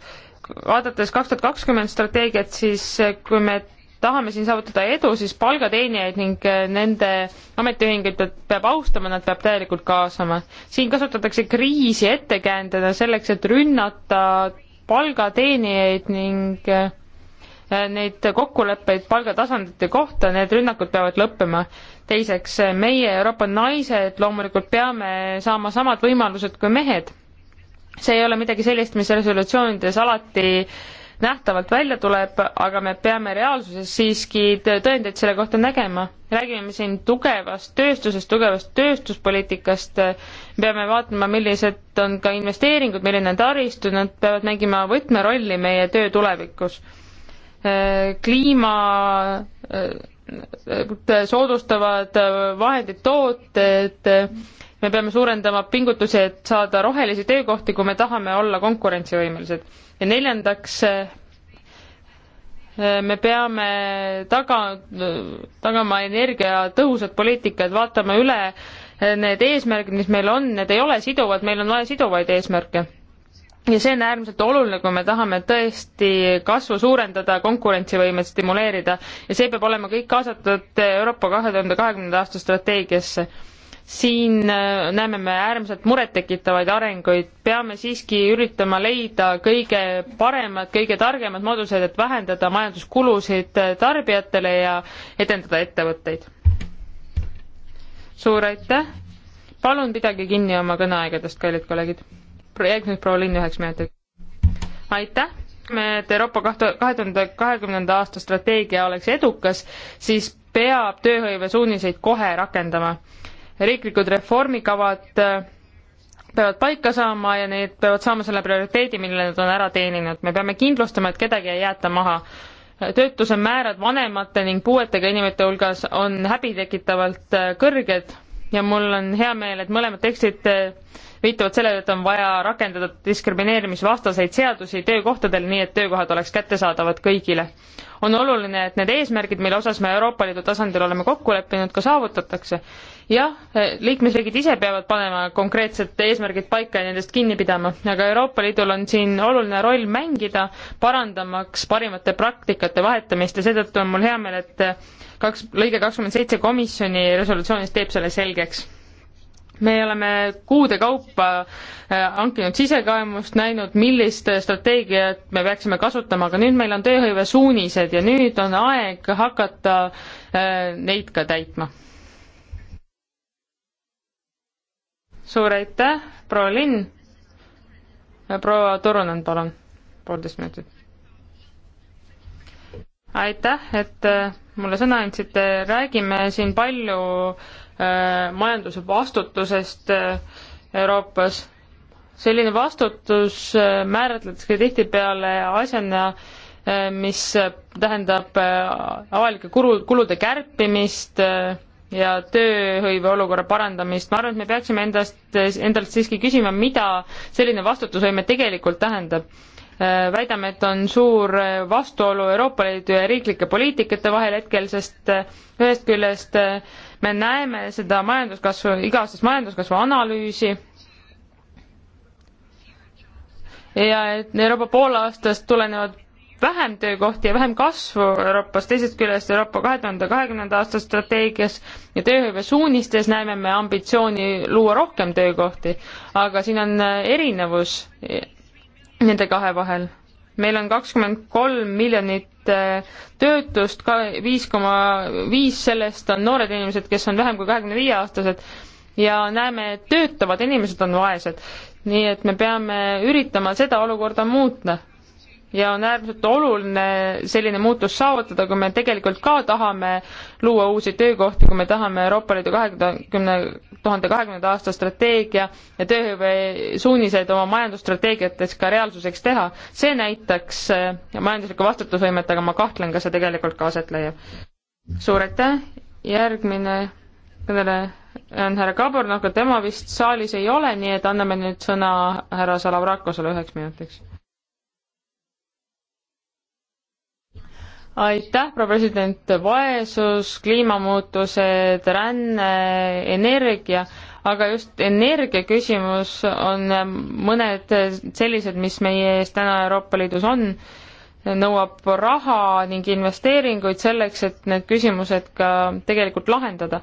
vaadates kaks tuhat kakskümmend strateegiat, siis eh, kui me tahame siin saavutada edu, siis palgateenijaid ning eh, nende ametiühinguid peab austama, nad peab täielikult kaasama. siin kasutatakse kriisi ettekäändena selleks, et rünnata palgateenijaid ning eh, neid kokkuleppeid palgatasandite kohta, need rünnakud peavad lõppema. teiseks, meie Euroopa naised loomulikult peame saama samad võimalused kui mehed see ei ole midagi sellist, mis resolutsioonides alati nähtavalt välja tuleb, aga me peame reaalsuses siiski tõendeid selle kohta nägema. räägime siin tugevast tööstusest, tugevast tööstuspoliitikast, peame vaatama, millised on ka investeeringud, milline on taristu, nad peavad mängima võtmerolli meie töö tulevikus. kliima soodustavad vahendid, tooted, me peame suurendama pingutusi, et saada rohelisi töökohti, kui me tahame olla konkurentsivõimelised. ja neljandaks, eh, me peame taga, tagama energiatõhusad poliitikad, vaatama üle eh, need eesmärgid, mis meil on, need ei ole siduvad, meil on vaja siduvaid eesmärke. ja see on äärmiselt oluline, kui me tahame tõesti kasvu suurendada, konkurentsivõimet stimuleerida ja see peab olema kõik kaasatud Euroopa kahe tuhande kahekümnenda aasta strateegiasse siin äh, näeme me äärmiselt murettekitavaid arenguid, peame siiski üritama leida kõige paremad, kõige targemad moodused, et vähendada majanduskulusid äh, tarbijatele ja edendada ettevõtteid. suur aitäh, palun pidage kinni oma kõneaegadest, kallid kolleegid. järgmiseks proua Linn üheks minutiks. aitäh et Euroopa kahe tuhande kahekümnenda aasta strateegia oleks edukas, siis peab tööhõive suuniseid kohe rakendama riiklikud reformikavad äh, peavad paika saama ja need peavad saama selle prioriteedi, mille nad on ära teeninud. me peame kindlustama, et kedagi ei jäeta maha. töötuse määrad vanemate ning puuetega inimeste hulgas on häbitekitavalt äh, kõrged ja mul on hea meel, et mõlemad tekstid äh, viitavad sellele, et on vaja rakendada diskrimineerimisvastaseid seadusi töökohtadel, nii et töökohad oleks kättesaadavad kõigile. on oluline, et need eesmärgid, mille osas me Euroopa Liidu tasandil oleme kokku leppinud, ka saavutatakse jah, eh, liikmesriigid ise peavad panema konkreetsed eesmärgid paika ja nendest kinni pidama, aga Euroopa Liidul on siin oluline roll mängida, parandamaks parimate praktikate vahetamist ja seetõttu on mul hea meel, et eh, kaks, lõige kakskümmend seitse komisjoni resolutsioonis teeb selle selgeks me oleme kuude kaupa eh, hankinud sisekaemust, näinud, millist strateegiat me peaksime kasutama, aga nüüd meil on tööhõive suunised ja nüüd on aeg hakata neid ka täitma. suur aitäh, proua Linn. proua Turunen, palun, poolteist minutit. aitäh, et äh, mulle sõna andsite, räägime siin palju äh, majanduse vastutusest äh, Euroopas. selline vastutus äh, määratletakse tihtipeale asjana äh, mis äh, tähendab äh, avalike kulu, kulude kärpimist äh,, ja tööhõive olukorra parandamist, ma arvan, et me peaksime endast, endalt siiski küsima, mida selline vastutusvõime tegelikult tähendab. Äh, väidame, et on suur äh, vastuolu Euroopa Liidu ja riiklike poliitikate vahel hetkel, sest äh, ühest küljest me näeme seda majanduskasvu, iga-aastast majanduskasvu analüüsi, ja et Euroopa poolaastast tulenevad vähem töökohti ja vähem kasvu Euroopas, teisest küljest Euroopa kahe tuhande kahekümnenda aasta strateegias ja tööhõive suunistes näeme me ambitsiooni luua rohkem töökohti, aga siin on äh, erinevus äh, nende kahe vahel. meil on kakskümmend kolm miljonit äh, töötust, ka viis koma viis sellest on noored inimesed, kes on vähem kui kahekümne viie aastased ja näeme, et töötavad inimesed on vaesed. nii et me peame üritama seda olukorda muuta ja on äärmiselt oluline selline muutus saavutada, kui me tegelikult ka tahame luua uusi töökohti, kui me tahame Euroopa Liidu kahekümne, tuhande kahekümnenda aasta strateegia ja tööhõive suuniseid oma majandusstrateegiates ka reaalsuseks teha. see näitaks äh, majanduslikku vastutusvõimet, aga ma kahtlen, kas see tegelikult ka aset leiab. suur aitäh, järgmine kõneleja on härra Kaborn, noh, aga tema vist saalis ei ole, nii et anname nüüd sõna härra Salavrakosele üheks minutiks aitäh, proua president, vaesus, kliimamuutused, ränne, energia, aga just energia küsimus on mõned sellised, mis meie ees täna Euroopa Liidus on, nõuab raha ning investeeringuid selleks, et need küsimused ka tegelikult lahendada.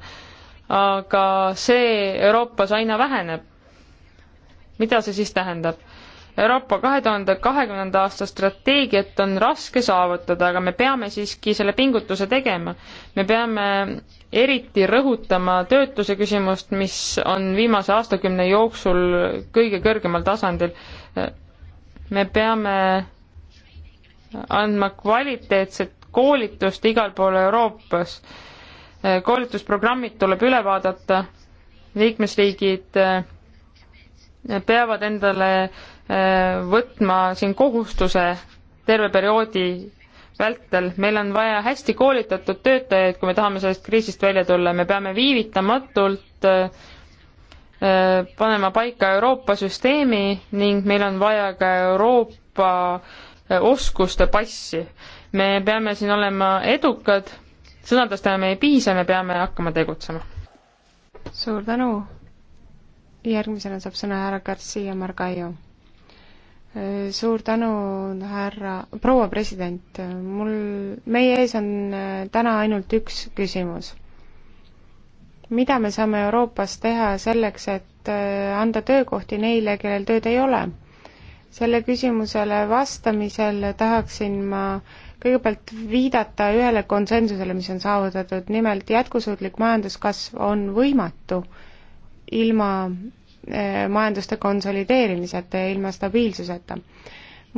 aga see Euroopas aina väheneb. mida see siis tähendab? Euroopa kahe tuhande kahekümnenda aasta strateegiat on raske saavutada, aga me peame siiski selle pingutuse tegema. me peame eriti rõhutama töötuse küsimust, mis on viimase aastakümne jooksul kõige kõrgemal tasandil. me peame andma kvaliteetset koolitust igal pool Euroopas. koolitusprogrammid tuleb üle vaadata, liikmesriigid peavad endale Äh, võtma siin kohustuse terve perioodi vältel, meil on vaja hästi koolitatud töötajaid, kui me tahame sellest kriisist välja tulla, me peame viivitamatult äh, äh, panema paika Euroopa süsteemi ning meil on vaja ka Euroopa oskuste passi. me peame siin olema edukad, sõnadest enam ei piisa, me peame hakkama tegutsema. suur tänu. järgmisena saab sõna härra Garcia Margallo suur tänu, härra, proua president, mul, meie ees on äh, täna ainult üks küsimus. mida me saame Euroopas teha selleks, et äh, anda töökohti neile, kellel tööd ei ole? selle küsimusele vastamisel tahaksin ma kõigepealt viidata ühele konsensusele, mis on saavutatud, nimelt jätkusuutlik majanduskasv on võimatu ilma Eh, majanduste konsolideerimiseta ja ilma stabiilsuseta.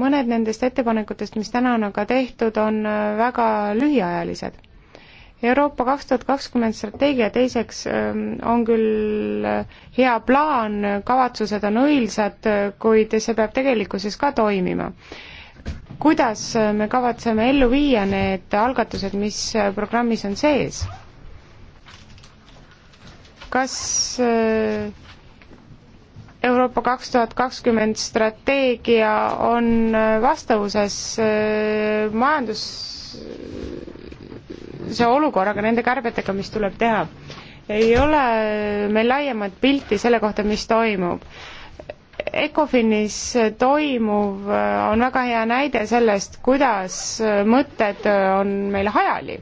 mõned nendest ettepanekutest, mis täna on aga tehtud, on eh, väga lühiajalised. Euroopa kaks tuhat kakskümmend strateegia teiseks ehm, on küll eh, hea plaan, kavatsused on õilsad, kuid see peab tegelikkuses ka toimima kuidas me kavatseme ellu viia need algatused, mis programmis on sees? kas Euroopa kaks tuhat kakskümmend strateegia on äh, vastavuses äh, majandus see olukorraga, nende kärbetega, mis tuleb teha. ei ole äh, meil laiemat pilti selle kohta, mis toimub. Ecofinis toimuv on väga hea näide sellest, kuidas mõtted on meil hajali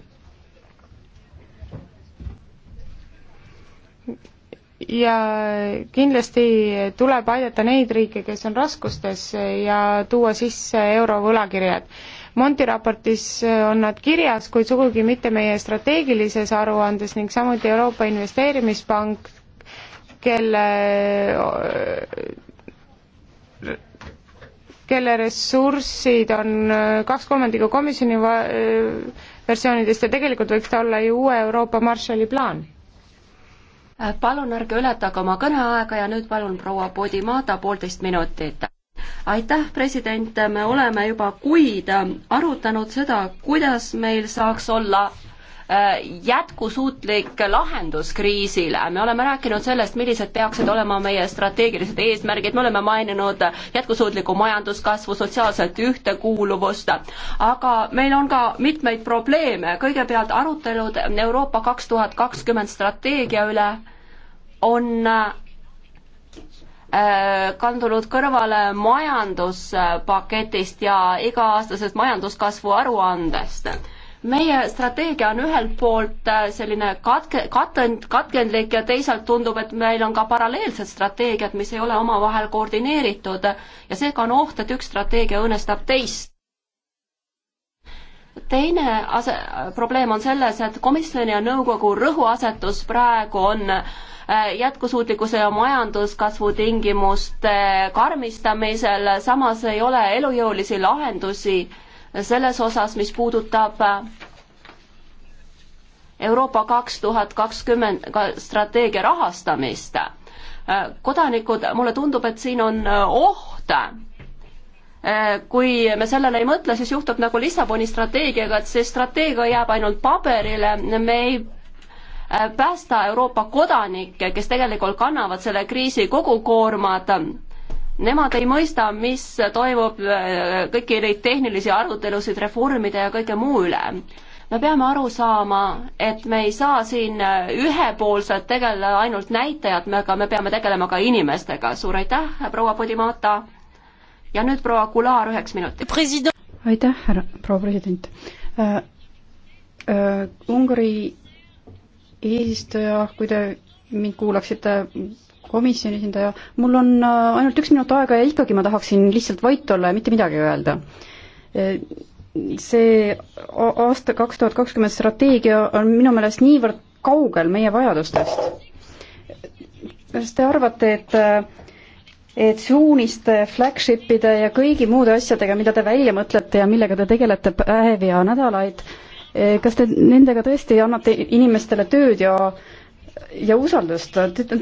ja kindlasti tuleb aidata neid riike, kes on raskustes ja tuua sisse eurovõlakirjad. Monti raportis on nad kirjas, kuid sugugi mitte meie strateegilises aruandes ning samuti Euroopa Investeerimispank, kelle kelle ressursid on kaks kolmandikku komisjoni versioonidest ja tegelikult võiks ta olla ju uue Euroopa Marshalli plaan palun ärge ületage oma kõneaega ja nüüd palun proua Podimata poolteist minutit. aitäh, president, me oleme juba kuid arutanud seda, kuidas meil saaks olla Äh, jätkusuutlik lahendus kriisile, me oleme rääkinud sellest, millised peaksid olema meie strateegilised eesmärgid, me oleme maininud jätkusuutlikku majanduskasvu, sotsiaalset ühtekuuluvust, aga meil on ka mitmeid probleeme, kõigepealt arutelud Euroopa kaks tuhat kakskümmend strateegia üle on äh, kandunud kõrvale majanduspaketist ja iga-aastasest majanduskasvu aruandest meie strateegia on ühelt poolt äh, selline katke, katkend, katkendlik ja teisalt tundub, et meil on ka paralleelsed strateegiad, mis ei ole omavahel koordineeritud ja seega on oht, et üks strateegia õõnestab teist. teine ase-, probleem on selles, et komisjoni ja nõukogu rõhuasetus praegu on äh, jätkusuutlikkuse ja majanduskasvu tingimuste karmistamisel, samas ei ole elujõulisi lahendusi äh, selles osas, mis puudutab äh, Euroopa kaks tuhat kakskümmend strateegia rahastamist. Äh, kodanikud, mulle tundub, et siin on äh, oht. kui me sellele ei mõtle, siis juhtub nagu Lissaboni strateegiaga, et see strateegia jääb ainult paberile, me ei päästa Euroopa kodanikke, kes tegelikult kannavad selle kriisi kogukoormad Nemad ei mõista, mis toimub, äh, kõiki neid tehnilisi arutelusid reformide ja kõige muu üle. me peame aru saama, et me ei saa siin äh, ühepoolselt tegeleda ainult näitajatega, me peame tegelema ka inimestega. suur aitäh, proua Podimata! ja nüüd proua Kulaar üheks minutiks. aitäh, härra, proua president äh,. Äh, Ungari eesistuja, kui te mind kuulaksite komisjoni esindaja, mul on äh, ainult üks minut aega ja ikkagi ma tahaksin lihtsalt vait olla ja mitte midagi öelda. Äh, see aasta kaks tuhat kakskümmend strateegia on minu meelest niivõrd kaugel meie vajadustest. kas te arvate, et äh, et suuniste, flagshipide ja kõigi muude asjadega, mida te välja mõtlete ja millega te tegelete päevi ja nädalaid, kas te nendega tõesti annate inimestele tööd ja äh, ja usaldust,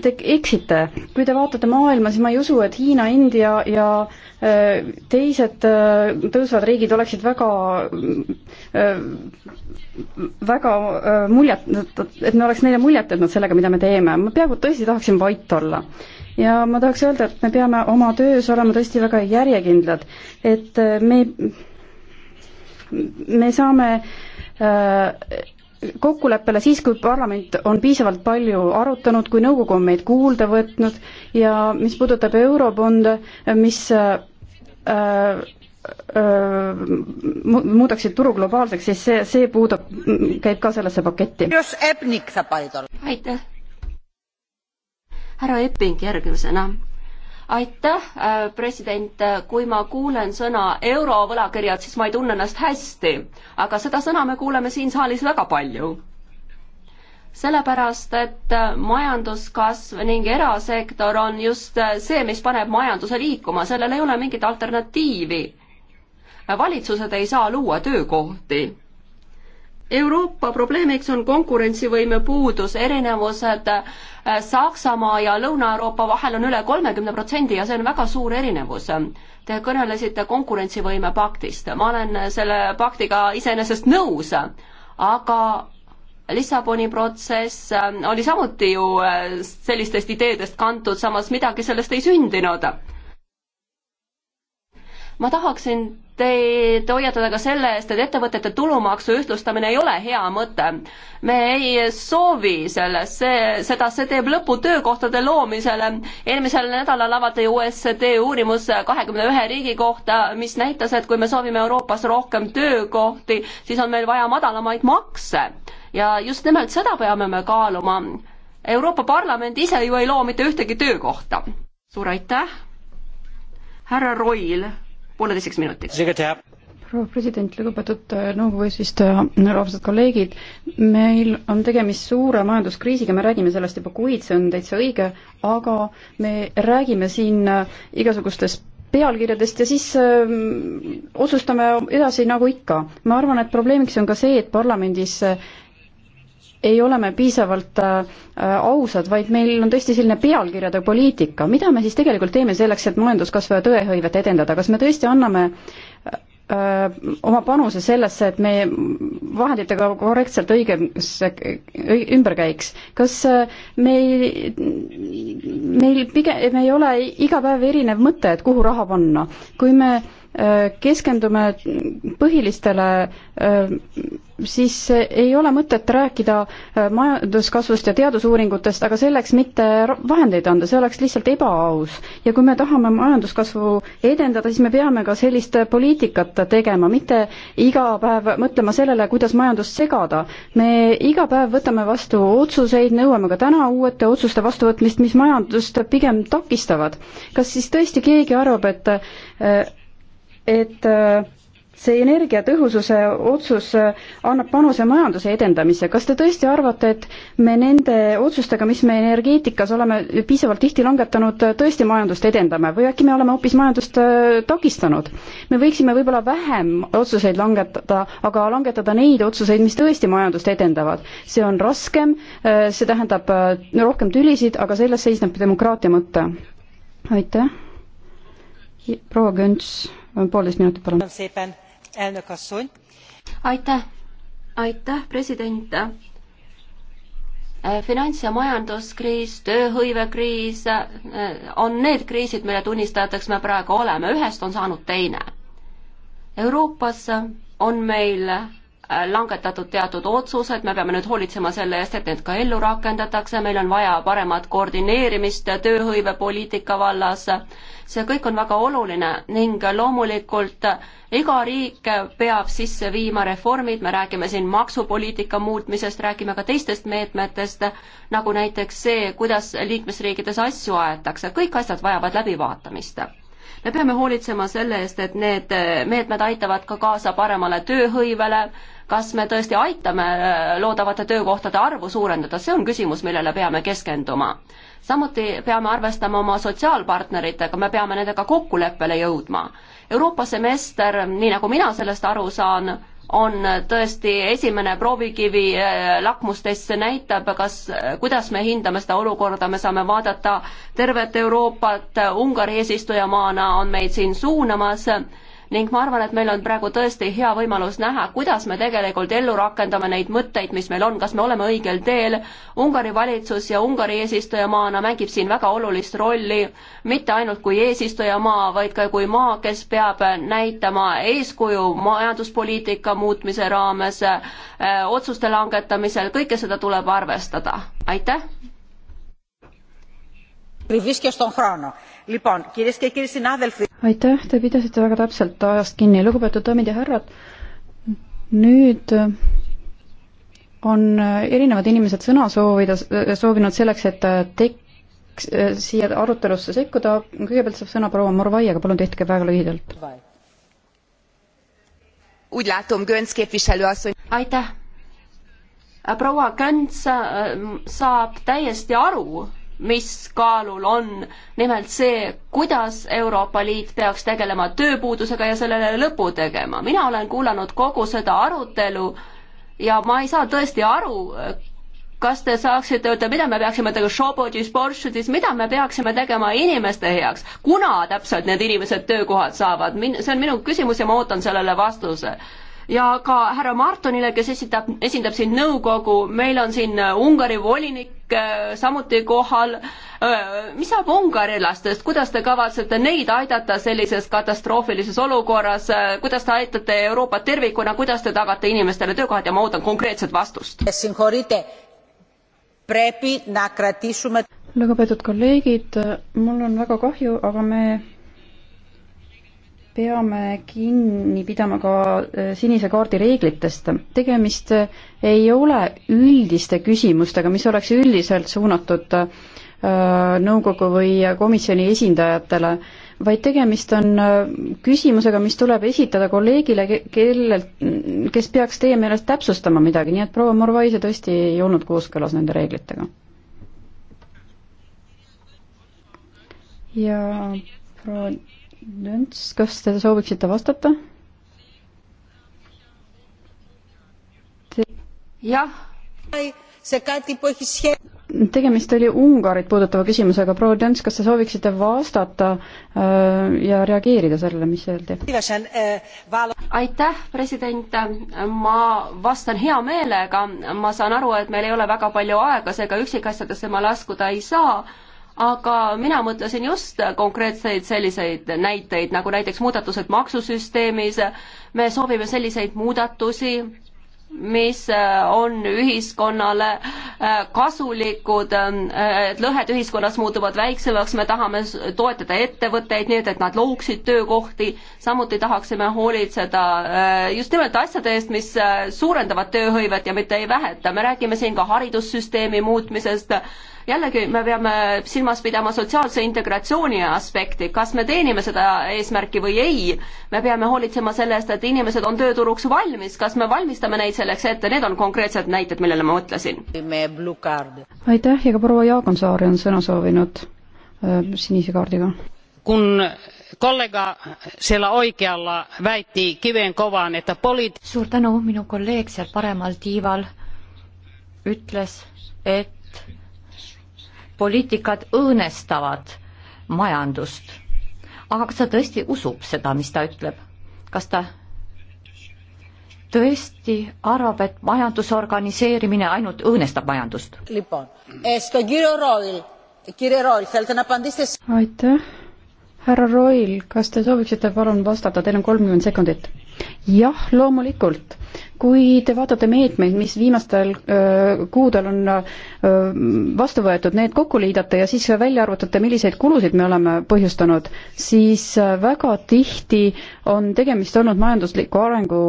te eksite. kui te vaatate maailma, siis ma ei usu, et Hiina, India ja äh, teised äh, tõusvad riigid oleksid väga, äh, väga muljet, et me oleks neile muljet jätnud sellega, mida me teeme. ma peaaegu tõesti tahaksin vait olla. ja ma tahaks öelda, et me peame oma töös olema tõesti väga järjekindlad, et me, me saame äh, kokkuleppele siis, kui parlament on piisavalt palju arutanud, kui nõukogu on meid kuulda võtnud ja mis puudutab eurobonde, mis äh, äh, muudaksid turu globaalseks, siis see, see puudub, käib ka sellesse paketti. aitäh. härra Epping järgmisena aitäh, äh, president, kui ma kuulen sõna eurovõlakirjad, siis ma ei tunne ennast hästi, aga seda sõna me kuuleme siin saalis väga palju. sellepärast, et äh, majanduskasv ning erasektor on just äh, see, mis paneb majanduse liikuma, sellel ei ole mingit alternatiivi. valitsused ei saa luua töökohti Euroopa probleemiks on konkurentsivõime puudus, erinevused äh, Saksamaa ja Lõuna-Euroopa vahel on üle kolmekümne protsendi ja see on väga suur erinevus. Te kõnelesite konkurentsivõime paktist, ma olen selle paktiga iseenesest nõus, aga Lissaboni protsess äh, oli samuti ju äh, sellistest ideedest kantud, samas midagi sellest ei sündinud. ma tahaksin teid hoiatada ka selle eest, et ettevõtete tulumaksu ühtlustamine ei ole hea mõte. me ei soovi sellest, see, seda, see teeb lõpu töökohtade loomisele. eelmisel nädalal avati OSCD uurimus kahekümne ühe riigi kohta, mis näitas, et kui me soovime Euroopas rohkem töökohti, siis on meil vaja madalamaid makse. ja just nimelt seda peame me kaaluma. Euroopa Parlament ise ju ei loo mitte ühtegi töökohta. suur aitäh, härra Roil pooleteiseks minutiks proua president, lugupeetud äh, nõukogu eesistuja, armsad kolleegid, meil on tegemist suure majanduskriisiga, me räägime sellest juba kuid, see on täitsa õige, aga me räägime siin äh, igasugustest pealkirjadest ja siis öö, ähm, otsustame edasi nagu ikka. ma arvan, et probleemiks on ka see, et parlamendis öö, äh, ei ole me piisavalt äh, äh, ausad, vaid meil on tõesti selline pealkirjade poliitika, mida me siis tegelikult teeme selleks, et majanduskasvu ja tõehõivet edendada, kas me tõesti anname äh, oma panuse sellesse, et me vahenditega korrektselt õigesse, ümber käiks. kas me ei, meil pigem, me ei ole iga päev erinev mõte, et kuhu raha panna. kui me Äh, keskendume põhilistele, äh, siis ei ole mõtet rääkida äh, majanduskasvust ja teadusuuringutest, aga selleks mitte vahendeid anda, see oleks lihtsalt ebaaus. ja kui me tahame majanduskasvu edendada, siis me peame ka sellist poliitikat tegema, mitte iga päev mõtlema sellele, kuidas majandust segada. me iga päev võtame vastu otsuseid, nõuame ka täna uute otsuste vastuvõtmist, mis majandust pigem takistavad. kas siis tõesti keegi arvab, et et äh, see energiatõhususe otsus äh, annab panuse majanduse edendamisse. kas te tõesti arvate, et me nende otsustega, mis me energeetikas oleme piisavalt tihti langetanud, äh, tõesti majandust edendame või äkki me oleme hoopis majandust takistanud? me võiksime võib-olla vähem otsuseid langetada, aga langetada neid otsuseid, mis tõesti majandust edendavad. see on raskem, see tähendab rohkem tülisid, aga selles seisneb demokraatia mõte. aitäh. proua Künts poolteist minutit, palun. aitäh, aitäh, president eh, finants- ja majanduskriis, tööhõivekriis eh, on need kriisid, mille tunnistajateks me praegu oleme, ühest on saanud teine. Euroopas on meil langetatud teatud otsused, me peame nüüd hoolitsema selle eest, et need ka ellu rakendatakse, meil on vaja paremat koordineerimist tööhõivepoliitika vallas, see kõik on väga oluline ning loomulikult iga riik peab sisse viima reformid, me räägime siin maksupoliitika muutmisest, räägime ka teistest meetmetest, nagu näiteks see, kuidas liikmesriikides asju aetakse, kõik asjad vajavad läbivaatamist me peame hoolitsema selle eest, et need meetmed aitavad ka kaasa paremale tööhõivele, kas me tõesti aitame äh, loodavate töökohtade arvu suurendada, see on küsimus, millele peame keskenduma. samuti peame arvestama oma sotsiaalpartneritega, me peame nendega kokkuleppele jõudma. Euroopa semester, nii nagu mina sellest aru saan, on tõesti esimene proovikivi, äh, lakmustest see näitab, kas, kuidas me hindame seda olukorda, me saame vaadata tervet Euroopat, Ungari eesistujamaana on meid siin suunamas ning ma arvan, et meil on praegu tõesti hea võimalus näha, kuidas me tegelikult ellu rakendame neid mõtteid, mis meil on, kas me oleme õigel teel. Ungari valitsus ja Ungari eesistujamaana mängib siin väga olulist rolli, mitte ainult kui eesistujamaa, vaid ka kui maa, kes peab näitama eeskuju majanduspoliitika muutmise raames, äh, otsuste langetamisel, kõike seda tuleb arvestada. aitäh! Priviskiost on hraano aitäh, te pidasite väga täpselt ajast kinni, lugupeetud daamid ja härrad. nüüd äh, on äh, erinevad inimesed sõna soovida, äh, soovinud selleks, et tek-, siia arutelusse sekkuda, kõigepealt saab sõna proua Morvai, aga palun tehke väga lühidalt. aitäh. proua Könts saab täiesti aru mis kaalul on, nimelt see, kuidas Euroopa Liit peaks tegelema tööpuudusega ja sellele lõpu tegema. mina olen kuulanud kogu seda arutelu ja ma ei saa tõesti aru, kas te saaksite öelda, mida me peaksime tegema, mida me peaksime tegema inimeste heaks, kuna täpselt need inimesed töökohad saavad, see on minu küsimus ja ma ootan sellele vastuse ja ka härra Martonile, kes esitab, esindab siin nõukogu, meil on siin äh, Ungari volinik äh, samuti kohal. Äh, mis saab ungarilastest, kuidas te kavatsete neid aidata sellises katastroofilises olukorras, kuidas te aitate Euroopat tervikuna, kuidas te tagate inimestele töökohad ja ma ootan konkreetset vastust? lugupeetud kolleegid, mul on väga kahju, aga me peame kinni pidama ka äh, sinise kaardi reeglitest. tegemist äh, ei ole üldiste küsimustega, mis oleks üldiselt suunatud äh, nõukogu või komisjoni esindajatele, vaid tegemist on küsimusega, mis tuleb esitada kolleegile, kellelt, kes peaks teie meelest täpsustama midagi, nii et proua Morvai, see tõesti ei olnud kooskõlas nende reeglitega. ja proua Lünts, kas te sooviksite vastata? jah. tegemist oli Ungarit puudutava küsimusega, proua Lünts, kas te sooviksite vastata äh, ja reageerida sellele, mis öeldi? Äh, aitäh, president, ma vastan hea meelega, ma saan aru, et meil ei ole väga palju aega, seega üksikasjadesse ma laskuda ei saa aga mina mõtlesin just konkreetseid selliseid näiteid, nagu näiteks muudatused maksusüsteemis, me soovime selliseid muudatusi, mis on ühiskonnale äh, kasulikud, äh, et lõhed ühiskonnas muutuvad väiksemaks, me tahame toetada ettevõtteid nii, et, et nad looksid töökohti, samuti tahaksime hoolitseda äh, just nimelt asjade eest, mis suurendavad tööhõivet ja mitte ei väheta, me räägime siin ka haridussüsteemi muutmisest, jällegi me peame silmas pidama sotsiaalse integratsiooni aspekti, kas me teenime seda eesmärki või ei. me peame hoolitsema selle eest, et inimesed on tööturuks valmis, kas me valmistame neid selleks ette, need on konkreetsed näited, millele ma mõtlesin. aitäh ja ka proua Jaagonsaari on sõna soovinud äh, sinise kaardiga. kun kollega siellä oikealla väitti kivenkovaan, että poliit... Suur tänu, minu kolleeg seal paremal tiival ütles, et poliitikad õõnestavad majandust. aga kas ta tõesti usub seda, mis ta ütleb? kas ta tõesti arvab, et majanduse organiseerimine ainult õõnestab majandust? aitäh, härra Roil, kas te sooviksite palun vastata, teil on kolmkümmend sekundit jah, loomulikult. kui te vaatate meetmeid, mis viimastel öö, äh, kuudel on öö, äh, vastu võetud, need kokku liidate ja siis välja arvutate, milliseid kulusid me oleme põhjustanud, siis äh, väga tihti on tegemist olnud majandusliku arengu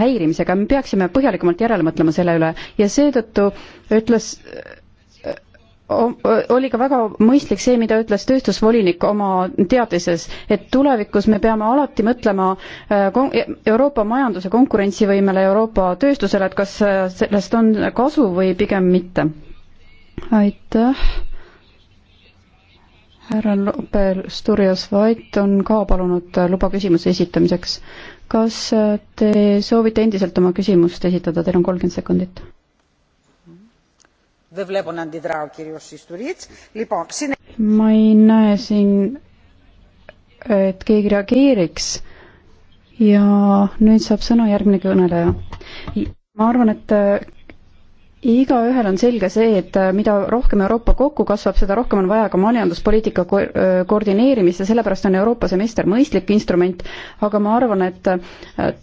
häirimisega, me peaksime põhjalikumalt järele mõtlema selle üle ja seetõttu ütles öö, oli ka väga mõistlik see, mida ütles tööstusvolinik oma teadises, et tulevikus me peame alati mõtlema äh, Euroopa majanduse konkurentsivõimele, Euroopa tööstusele, et kas äh, sellest on kasu või pigem mitte. aitäh. härra Lopel Sturjas Vait on ka palunud äh, luba küsimuse esitamiseks. kas te soovite endiselt oma küsimust esitada, teil on kolmkümmend sekundit ma ei näe siin, et keegi reageeriks ja nüüd saab sõna järgmine kõneleja. ma arvan, et igaühel on selge see, et mida rohkem Euroopa kokku kasvab, seda rohkem on vaja ka majanduspoliitika ko äh, koordineerimist ja sellepärast on Euroopa semester mõistlik instrument, aga ma arvan, et äh,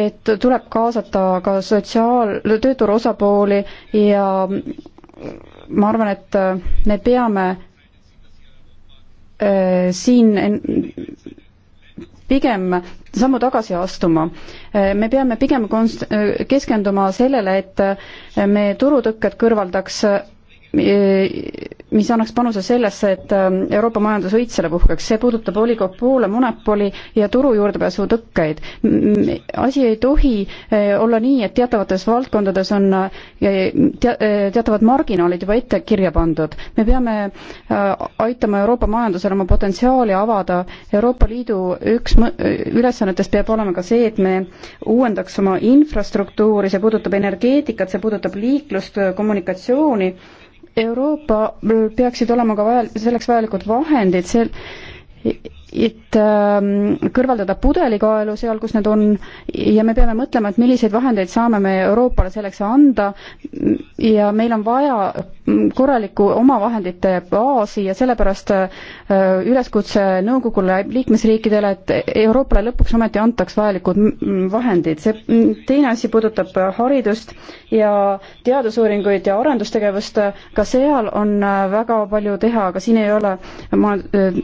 et tuleb kaasata ka sotsiaal, tööturu osapooli ja ma arvan, et äh, me peame äh, siin pigem sammu tagasi astuma. Äh, me peame pigem konst-, keskenduma sellele, et me turutõkked kõrvaldaks mis annaks panuse sellesse, et ähm, Euroopa majandus õitsele puhkeks, see puudutab oligopoole, monopoli ja turu juurdepääsu tõkkeid. asi ei tohi äh, olla nii, et teatavates valdkondades on äh, äh, teatavad marginaalid juba ette kirja pandud. me peame aitama Euroopa majandusel oma potentsiaali avada, Euroopa Liidu üks ülesannetest peab olema ka see, et me uuendaks oma infrastruktuuri, see puudutab energeetikat, see puudutab liiklust, kommunikatsiooni, Euroopal peaksid olema ka vajal-, selleks vajalikud vahendid, see et ähm, kõrvaldada pudelikaelu seal, kus need on ja me peame mõtlema, et milliseid vahendeid saame me Euroopale selleks anda ja meil on vaja korralikku omavahendite baasi ja sellepärast äh, üleskutse nõukogule liikmesriikidele, et Euroopale lõpuks ometi antaks vajalikud vahendid. see teine asi puudutab äh, haridust ja teadusuuringuid ja arendustegevust, ka seal on äh, väga palju teha, aga siin ei ole ma,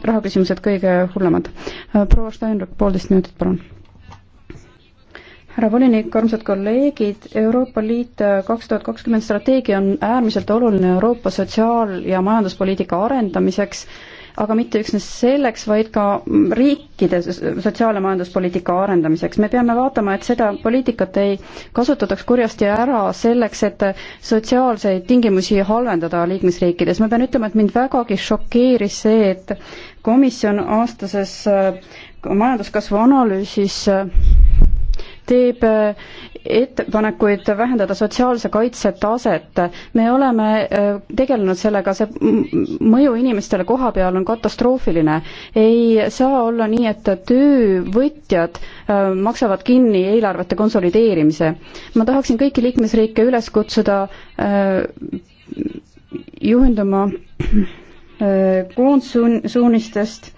rahaküsimused kõige hullemad. proua Steinruck, poolteist minutit, palun härra volinik, armsad kolleegid, Euroopa Liit kaks äh, tuhat kakskümmend strateegia on äärmiselt oluline Euroopa sotsiaal- ja majanduspoliitika arendamiseks, aga mitte üksnes selleks, vaid ka mm, riikide sotsiaal- ja majanduspoliitika arendamiseks. me peame vaatama, et seda poliitikat ei kasutataks kurjasti ära selleks, et sotsiaalseid tingimusi halvendada liikmesriikides. ma pean ütlema, et mind vägagi šokeeris see, et komisjon aastases äh, majanduskasvu analüüsis äh, teeb äh, ettepanekuid vähendada sotsiaalse kaitse taset. me oleme äh, tegelenud sellega, see mõju inimestele koha peal on katastroofiline. ei saa olla nii, et töövõtjad äh, maksavad kinni eelarvete konsolideerimise. ma tahaksin kõiki liikmesriike üles kutsuda juhenduma koondsuunistest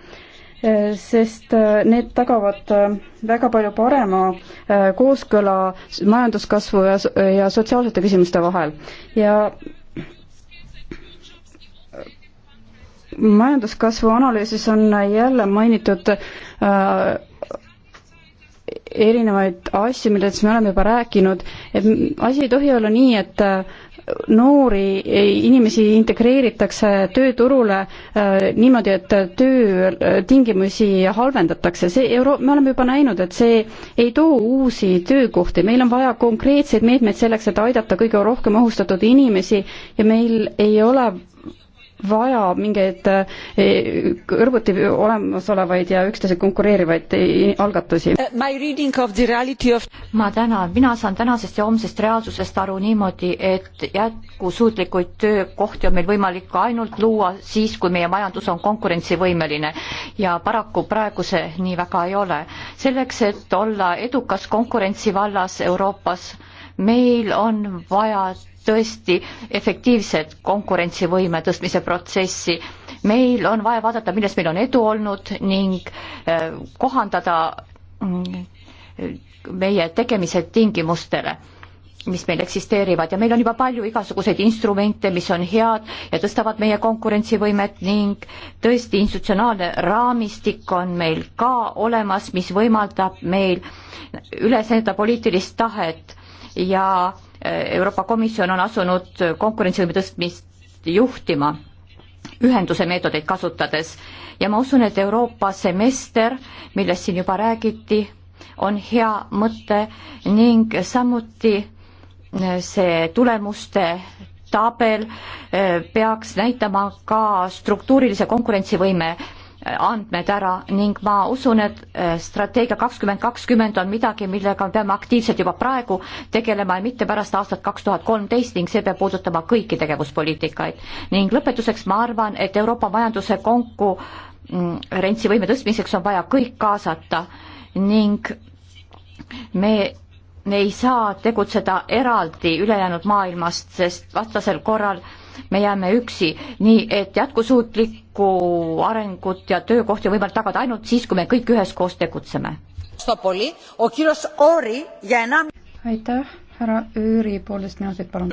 sest äh, need tagavad äh, väga palju parema äh, kooskõla majanduskasvu ja, ja sotsiaalsete küsimuste vahel ja majanduskasvu analüüsis on jälle mainitud äh, erinevaid asju, millest me oleme juba rääkinud, et asi ei tohi olla nii, et äh, noori inimesi integreeritakse tööturule äh, niimoodi, et töötingimusi halvendatakse, see euro-, me oleme juba näinud, et see ei too uusi töökohti, meil on vaja konkreetseid meetmeid selleks, et aidata kõige rohkem ohustatud inimesi ja meil ei ole vaja mingeid eh, kõrvuti olemasolevaid ja üksteise konkureerivaid eh, algatusi. Uh, of... ma tänan, mina saan tänasest ja homsest reaalsusest aru niimoodi, et jätkusuutlikuid töökohti on meil võimalik ainult luua siis, kui meie majandus on konkurentsivõimeline ja paraku praegu see nii väga ei ole. selleks, et olla edukas konkurentsi vallas Euroopas, meil on vaja tõesti efektiivset konkurentsivõime tõstmise protsessi. meil on vaja vaadata, milles meil on edu olnud ning äh, kohandada mm, meie tegemised tingimustele mis meil eksisteerivad ja meil on juba palju igasuguseid instrumente, mis on head ja tõstavad meie konkurentsivõimet ning tõesti institutsionaalne raamistik on meil ka olemas, mis võimaldab meil üles näidata poliitilist tahet ja Euroopa Komisjon on asunud konkurentsivõime tõstmist juhtima ühenduse meetodeid kasutades ja ma usun, et Euroopa semester, millest siin juba räägiti, on hea mõte ning samuti eh, see tulemuste tabel eh, peaks näitama ka struktuurilise konkurentsivõime andmed ära ning ma usun, et äh, strateegia kakskümmend kakskümmend on midagi, millega me peame aktiivselt juba praegu tegelema ja mitte pärast aastat kaks tuhat kolmteist ning see peab puudutama kõiki tegevuspoliitikaid. ning lõpetuseks ma arvan, et Euroopa majanduse konkurentsivõime mm, tõstmiseks on vaja kõik kaasata ning me ei saa tegutseda eraldi ülejäänud maailmast, sest vastasel korral äh, me jääme üksi, nii et jätkusuutlikku arengut ja töökohti on võimalik tagada ainult siis, kui me kõik üheskoos tegutseme. aitäh, härra Üüri, poolteist minutit, palun.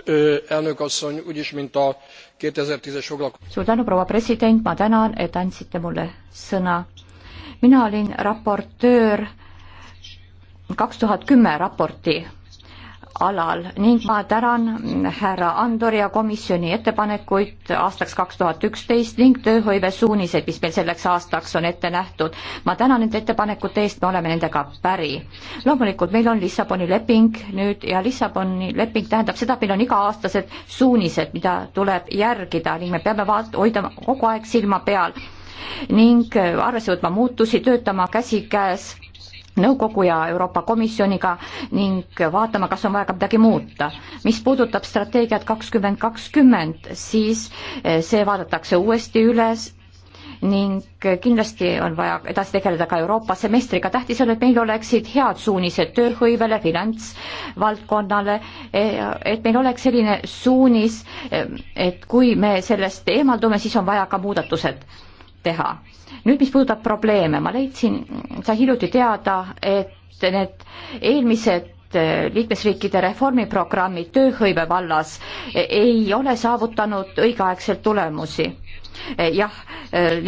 suur tänu, proua president, ma tänan, et andsite mulle sõna. mina olin raportöör kaks tuhat kümme raporti alal ning ma tänan härra Andor ja komisjoni ettepanekuid aastaks kaks tuhat üksteist ning tööhõivesuunised, mis meil selleks aastaks on ette nähtud. ma tänan nende ettepanekute eest, me oleme nendega päri. loomulikult meil on Lissaboni leping nüüd ja Lissaboni leping tähendab seda, et meil on iga-aastased suunised, mida tuleb järgida ning me peame vaat-, hoidma kogu aeg silma peal ning arvesse võtma muutusi, töötama käsikäes nõukogu ja Euroopa Komisjoniga ning vaatama, kas on vaja ka midagi muuta. mis puudutab strateegiat kakskümmend kakskümmend, siis eh, see vaadatakse uuesti üles ning kindlasti on vaja edasi tegeleda ka Euroopa semestriga. tähtis on, et meil oleksid head suunised tööhõivele, finantsvaldkonnale, eh, et meil oleks selline suunis, eh, et kui me sellest eemaldume, siis on vaja ka muudatused teha. nüüd, mis puudutab probleeme, ma leidsin, sai hiljuti teada, et need eelmised äh, liikmesriikide reformiprogrammid tööhõive vallas äh, ei ole saavutanud õigeaegselt tulemusi. Äh, jah,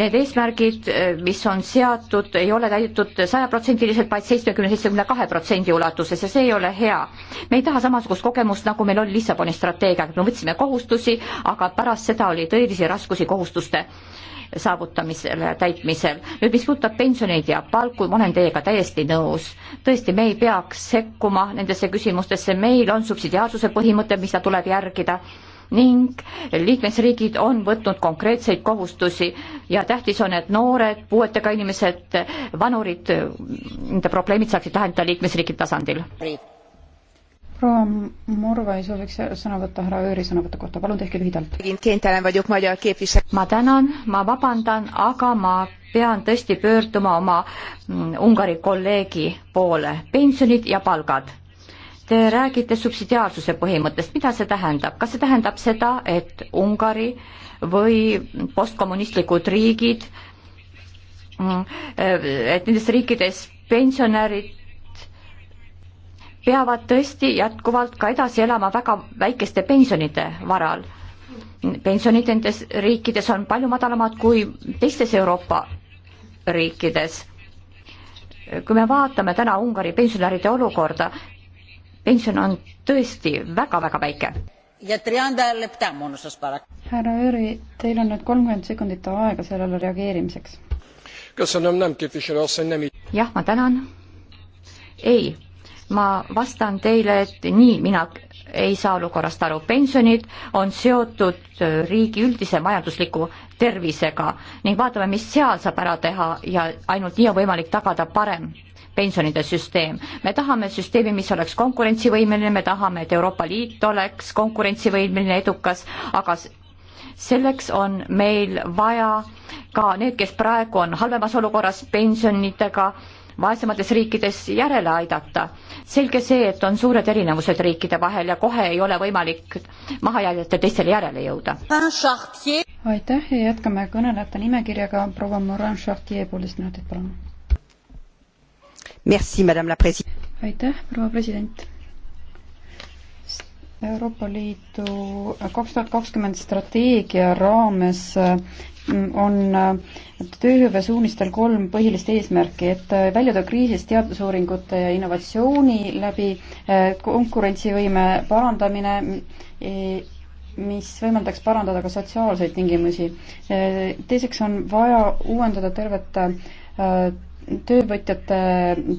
need eesmärgid, mis on seatud, ei ole täidetud sajaprotsendiliselt, vaid seitsmekümne, seitsmekümne kahe protsendi ulatuses ja see ei ole hea. me ei taha samasugust kogemust, nagu meil oli Lissaboni strateegiaga, me võtsime kohustusi, aga pärast seda oli tõelisi raskusi kohustuste saavutamisele, täitmisel. nüüd, mis puudutab pensioneid ja palku, ma olen teiega täiesti nõus. tõesti, me ei peaks sekkuma nendesse küsimustesse, meil on subsidiaarsuse põhimõte, mida tuleb järgida ning liikmesriigid on võtnud konkreetseid kohustusi ja tähtis on, et noored, puuetega inimesed, vanurid, nende probleemid saaksid lahendada liikmesriigi tasandil proua Morvai sooviks sõna võtta härra Ööri sõnavõtu kohta, palun tehke lühidalt. ma tänan, ma vabandan, aga ma pean tõesti pöörduma oma mm, Ungari kolleegi poole, pensionid ja palgad Te räägite subsidiaarsuse põhimõttest, mida see tähendab, kas see tähendab seda, et Ungari või postkommunistlikud riigid, mm, eh, et nendes riikides pensionärid peavad tõesti jätkuvalt ka edasi elama väga väikeste pensionide varal. pensionid nendes riikides on palju madalamad kui teistes Euroopa riikides. kui me vaatame täna Ungari pensionäride olukorda, pension on tõesti väga-väga väike. härra Jüri, teil on nüüd kolmkümmend sekundit aega sellele reageerimiseks. jah, ma tänan. ei ma vastan teile, et nii mina ei saa olukorrast aru, pensionid on seotud riigi üldise majandusliku tervisega ning vaatame, mis seal saab ära teha ja ainult nii on võimalik tagada parem pensionide süsteem. me tahame süsteemi, mis oleks konkurentsivõimeline, me tahame, et Euroopa Liit oleks konkurentsivõimeline, edukas, aga selleks on meil vaja ka need, kes praegu on halvemas olukorras pensionitega, vaesemates riikides järele aidata. selge see, et on suured erinevused riikide vahel ja kohe ei ole võimalik maha jäljeta teistele järele jõuda. aitäh ja jätkame kõnelejate nimekirjaga, proua Morin Chartier, poolteist minutit, palun. aitäh, proua president Euroopa Liidu kaks tuhat kakskümmend strateegia raames on äh, tööhõive suunistel kolm põhilist eesmärki, et äh, väljuda kriisist teadusuuringute ja innovatsiooni läbi, äh, konkurentsivõime parandamine, e, mis võimaldaks parandada ka sotsiaalseid tingimusi. teiseks on vaja uuendada tervet töövõtjate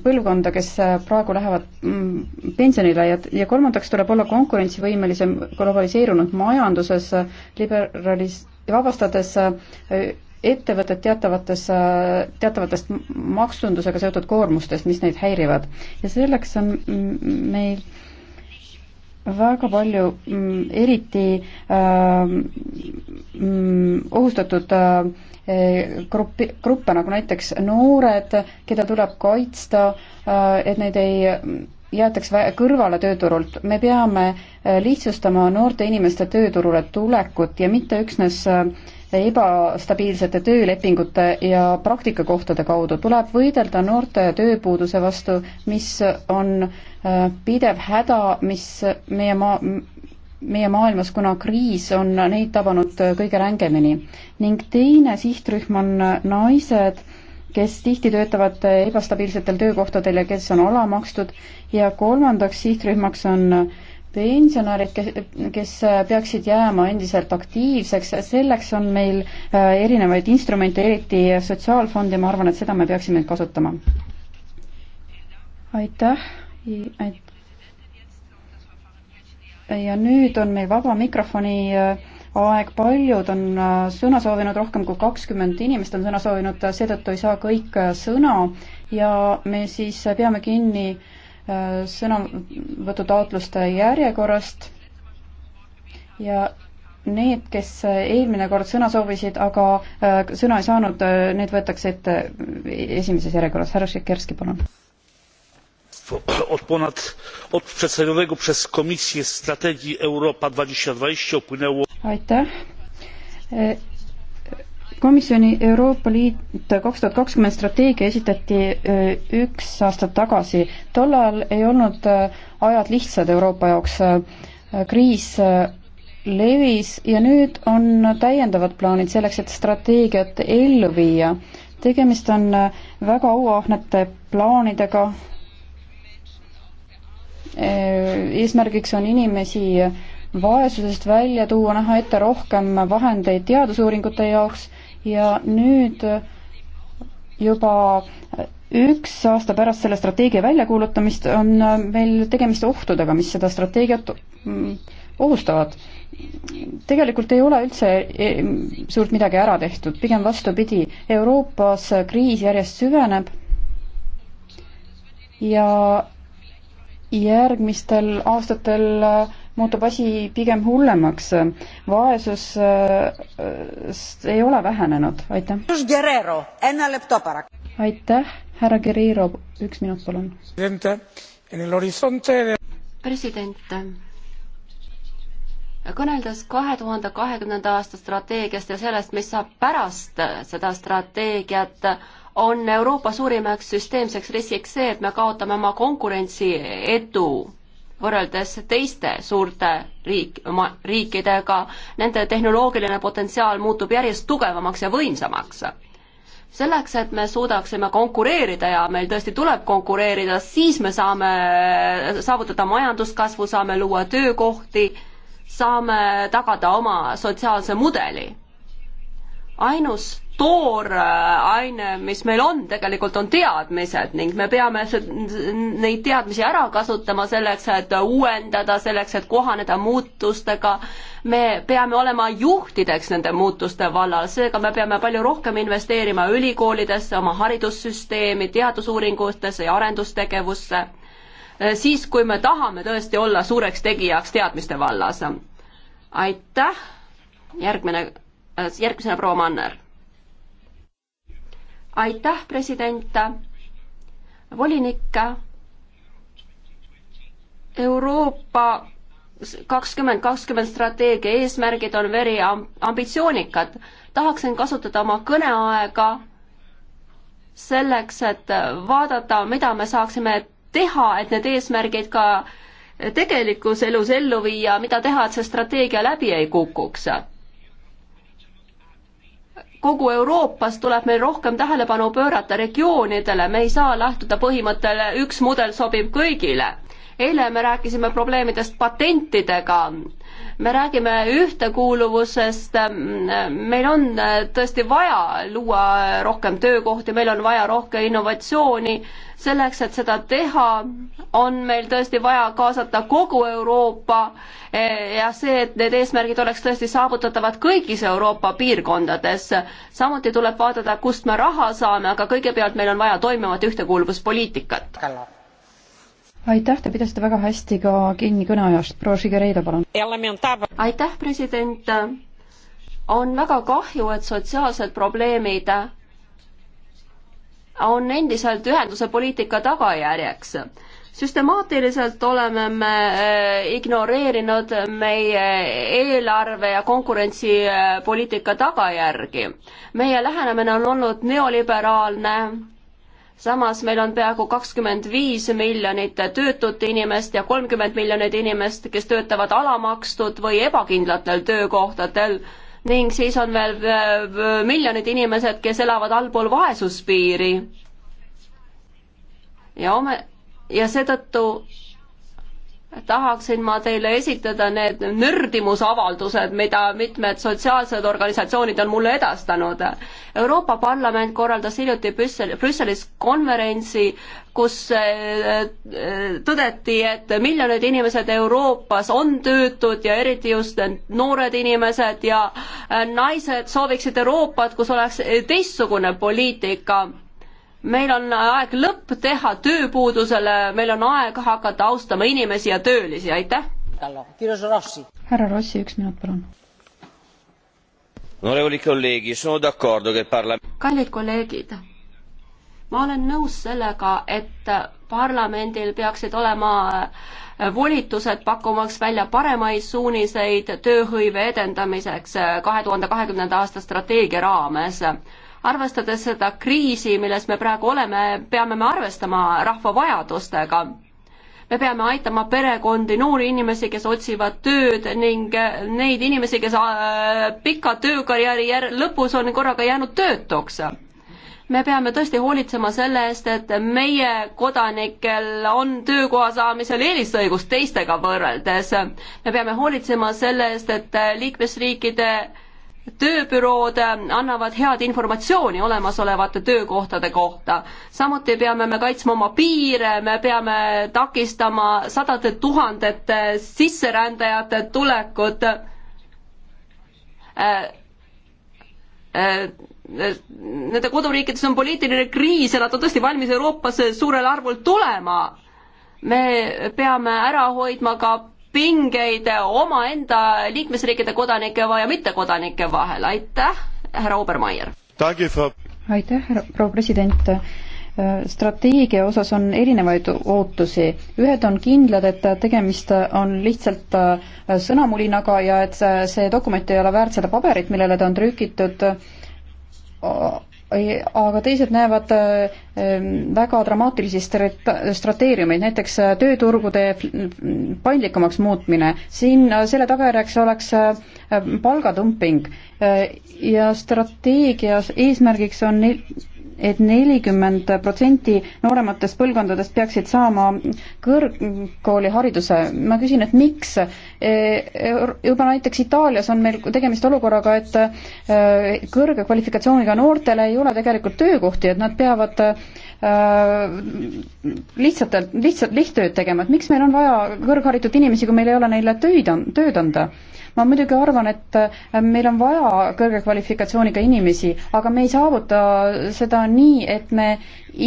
põlvkonda, kes praegu lähevad mm, pensionile ja, ja kolmandaks tuleb olla konkurentsivõimelisem globaliseerunud majanduses, liberalis-, vabastades äh, ettevõtted teatavates, äh, teatavatest maksundusega seotud koormustest, mis neid häirivad. ja selleks on meil väga palju mm, eriti äh, mm, ohustatud äh, Eh, gruppi, gruppe nagu näiteks noored, keda tuleb kaitsta, eh, et neid ei jäetaks kõrvale tööturult, me peame eh, lihtsustama noorte inimeste tööturule tulekut ja mitte üksnes ebastabiilsete töölepingute ja praktikakohtade kaudu, tuleb võidelda noorte tööpuuduse vastu, mis on pidev häda, mis meie maa, meie maailmas, kuna kriis on neid tabanud kõige rängemini. ning teine sihtrühm on naised, kes tihti töötavad ebastabiilsetel töökohtadel ja kes on alamakstud ja kolmandaks sihtrühmaks on pensionärid, kes, kes peaksid jääma endiselt aktiivseks, selleks on meil äh, erinevaid instrumente, eriti sotsiaalfondi, ma arvan, et seda me peaksime kasutama. aitäh, aitäh ja nüüd on meil vaba mikrofoni äh, aeg, paljud on äh, sõna soovinud, rohkem kui kakskümmend inimest on sõna soovinud, seetõttu ei saa kõik äh, sõna ja me siis peame kinni sõnavõtutaotluste järjekorrast ja need, kes eelmine kord sõna soovisid, aga sõna ei saanud, need võetakse ette esimeses järjekorras. härra Šikerski, palun od przedstawionego przez komisję strategii europa dwa tysiące dwadzieścia upłynęło. komisjoni euroopa liit kaks tuhat kakskümmend strateegia esitati äh, üks aasta tagasi. tol ajal ei olnud äh, ajad lihtsad euroopa jaoks. Äh, kriis levis ja nüüd on täiendavad plaanid selleks, et strateegiat ellu viia. tegemist on väga auahnete plaanidega Äh, eesmärgiks on inimesi vaesusest välja tuua, näha ette rohkem vahendeid teadusuuringute jaoks ja nüüd juba üks aasta pärast selle strateegia väljakuulutamist on meil tegemist ohtudega, mis seda strateegiat mm, ohustavad. tegelikult ei ole üldse e, suurt midagi ära tehtud, pigem vastupidi, Euroopas kriis järjest süveneb ja järgmistel aastatel äh, muutub asi pigem hullemaks. vaesus äh, ei ole vähenenud, aitäh. aitäh, härra Guerrero, üks minut, palun. president, kõneldes kahe tuhande kahekümnenda aasta strateegiast ja sellest, mis saab pärast seda strateegiat, on Euroopa suurimaks süsteemseks riskiks see, et me kaotame oma konkurentsiedu võrreldes teiste suurte riik, riikidega, nende tehnoloogiline potentsiaal muutub järjest tugevamaks ja võimsamaks. selleks, et me suudaksime konkureerida ja meil tõesti tuleb konkureerida, siis me saame saavutada majanduskasvu, saame luua töökohti, saame tagada oma sotsiaalse mudeli ainus tooraine, äh, mis meil on, tegelikult on teadmised ning me peame neid teadmisi ära kasutama selleks, et uuendada, selleks, et kohaneda muutustega. me peame olema juhtideks nende muutuste vallal, seega me peame palju rohkem investeerima ülikoolidesse, oma haridussüsteemi, teadusuuringutesse ja arendustegevusse. Äh, siis, kui me tahame tõesti olla suureks tegijaks teadmiste vallas. aitäh, järgmine Äh, järgmisena proua Manner. aitäh, president, volinik. Euroopa kakskümmend kakskümmend strateegia eesmärgid on veri ambitsioonikad. tahaksin kasutada oma kõneaega selleks, et vaadata, mida me saaksime teha, et need eesmärgid ka tegelikus elus ellu viia, mida teha, et see strateegia läbi ei kukuks kogu Euroopas tuleb meil rohkem tähelepanu pöörata regioonidele, me ei saa lähtuda põhimõttele üks mudel sobib kõigile. eile me rääkisime probleemidest patentidega me räägime ühtekuuluvusest, meil on äh, tõesti vaja luua rohkem töökohti, meil on vaja rohkem innovatsiooni, selleks, et seda teha, on meil tõesti vaja kaasata kogu Euroopa e, ja see, et need eesmärgid oleks tõesti saavutatavad kõigis Euroopa piirkondades. samuti tuleb vaadata, kust me raha saame, aga kõigepealt meil on vaja toimivat ühtekuuluvuspoliitikat. Kallar aitäh, te pidasite väga hästi ka kinni kõneajast, proua Žigereida, palun. aitäh, president. on väga kahju, et sotsiaalsed probleemid on endiselt ühenduse poliitika tagajärjeks süstemaatiliselt oleme me äh, ignoreerinud meie eelarve ja konkurentsipoliitika äh, tagajärgi. meie lähenemine on olnud neoliberaalne samas meil on peaaegu kakskümmend viis miljonit töötut inimest ja kolmkümmend miljonit inimest, kes töötavad alamakstud või ebakindlatel töökohtadel ning siis on veel miljonid inimesed, kes elavad allpool vaesuspiiri. ja ome-, ja seetõttu tahaksin ma teile esitada need nördimusavaldused, mida mitmed sotsiaalsed organisatsioonid on mulle edastanud. Euroopa Parlament korraldas hiljuti Brüssel, Brüsselis konverentsi, kus äh, äh, tõdeti, et miljonid inimesed Euroopas on töötud ja eriti just noored inimesed ja äh, naised sooviksid Euroopat, kus oleks teistsugune poliitika meil on aeg lõpp teha tööpuudusele, meil on aeg hakata austama inimesi ja töölisi, aitäh! härra Rossi, üks minut, palun. kallid kolleegid, ma olen nõus sellega, et parlamendil peaksid olema volitused pakkumaks välja paremaid suuniseid tööhõive edendamiseks kahe tuhande kahekümnenda aasta strateegia raames arvestades seda kriisi, milles me praegu oleme, peame me arvestama rahva vajadustega. me peame aitama perekondi, noori inimesi, kes otsivad tööd ning neid inimesi, kes äh, pika töökarjääri jär-, lõpus on korraga jäänud töötuks me peame tõesti hoolitsema selle eest, et meie kodanikel on töökoha saamisel eelisõigus teistega võrreldes. me peame hoolitsema selle eest, et liikmesriikide tööbürood äh, annavad head informatsiooni olemasolevate töökohtade kohta. samuti peame me kaitsma oma piire, me peame takistama sadade tuhandete sisserändajate tulekut äh, äh, nende koduriikides on poliitiline kriis ja nad on tõesti valmis Euroopasse suurel arvul tulema. me peame ära hoidma ka pingeid omaenda liikmesriikide kodanike ja mittekodanike vahel, aitäh, härra Obermeier! aitäh, härra proua president! Äh, strateegia osas on erinevaid ootusi, ühed on kindlad, et tegemist on lihtsalt äh, sõnamulinaga ja et see dokument ei ole väärt seda paberit, millele ta on trükitud, aga teised näevad äh, ähm, väga dramaatilisi strateegiumeid, näiteks äh, tööturgude paindlikumaks muutmine. siin äh, selle tagajärjeks oleks palgadumping ja strateegias eesmärgiks on et nelikümmend protsenti noorematest põlvkondadest peaksid saama kõrgkoolihariduse. ma küsin, et miks? E, e, juba näiteks Itaalias on meil tegemist olukorraga, et e, kõrge kvalifikatsiooniga noortele ei ole tegelikult töökohti, et nad peavad lihtsatelt, lihtsalt lihttööd tegema, et miks meil on vaja kõrgharitud inimesi, kui meil ei ole neile töid, tööd anda? ma muidugi arvan, et äh, meil on vaja kõrge kvalifikatsiooniga inimesi, aga me ei saavuta seda nii, et me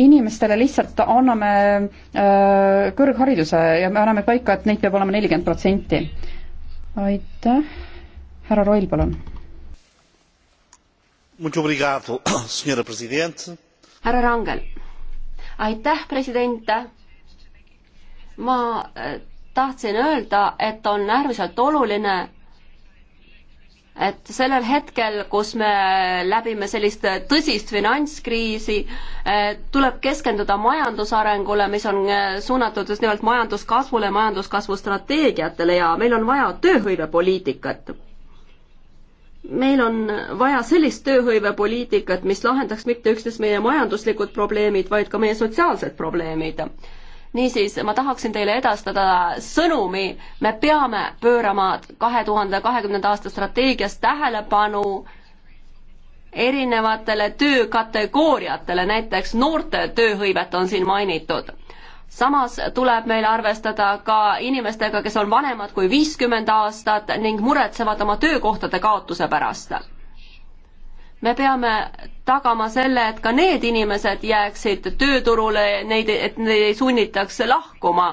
inimestele lihtsalt anname äh, kõrghariduse ja me anname paika, et neid peab olema nelikümmend protsenti. aitäh, härra Roil, palun. härra Rangel, aitäh, president. ma äh, tahtsin öelda, et on äärmiselt oluline, et sellel hetkel, kus me läbime sellist tõsist finantskriisi, eh, tuleb keskenduda majandusarengule, mis on eh, suunatud just nimelt majanduskasvule, majanduskasvu strateegiatele ja meil on vaja tööhõivepoliitikat. meil on vaja sellist tööhõivepoliitikat, mis lahendaks mitte üksnes meie majanduslikud probleemid, vaid ka meie sotsiaalsed probleemid niisiis, ma tahaksin teile edastada sõnumi, me peame pöörama kahe tuhande kahekümnenda aasta strateegias tähelepanu erinevatele töökategooriatele, näiteks noorte tööhõivet on siin mainitud. samas tuleb meil arvestada ka inimestega, kes on vanemad kui viiskümmend aastat ning muretsevad oma töökohtade kaotuse pärast me peame tagama selle, et ka need inimesed jääksid tööturule, neid, et neid ei sunnitaks lahkuma.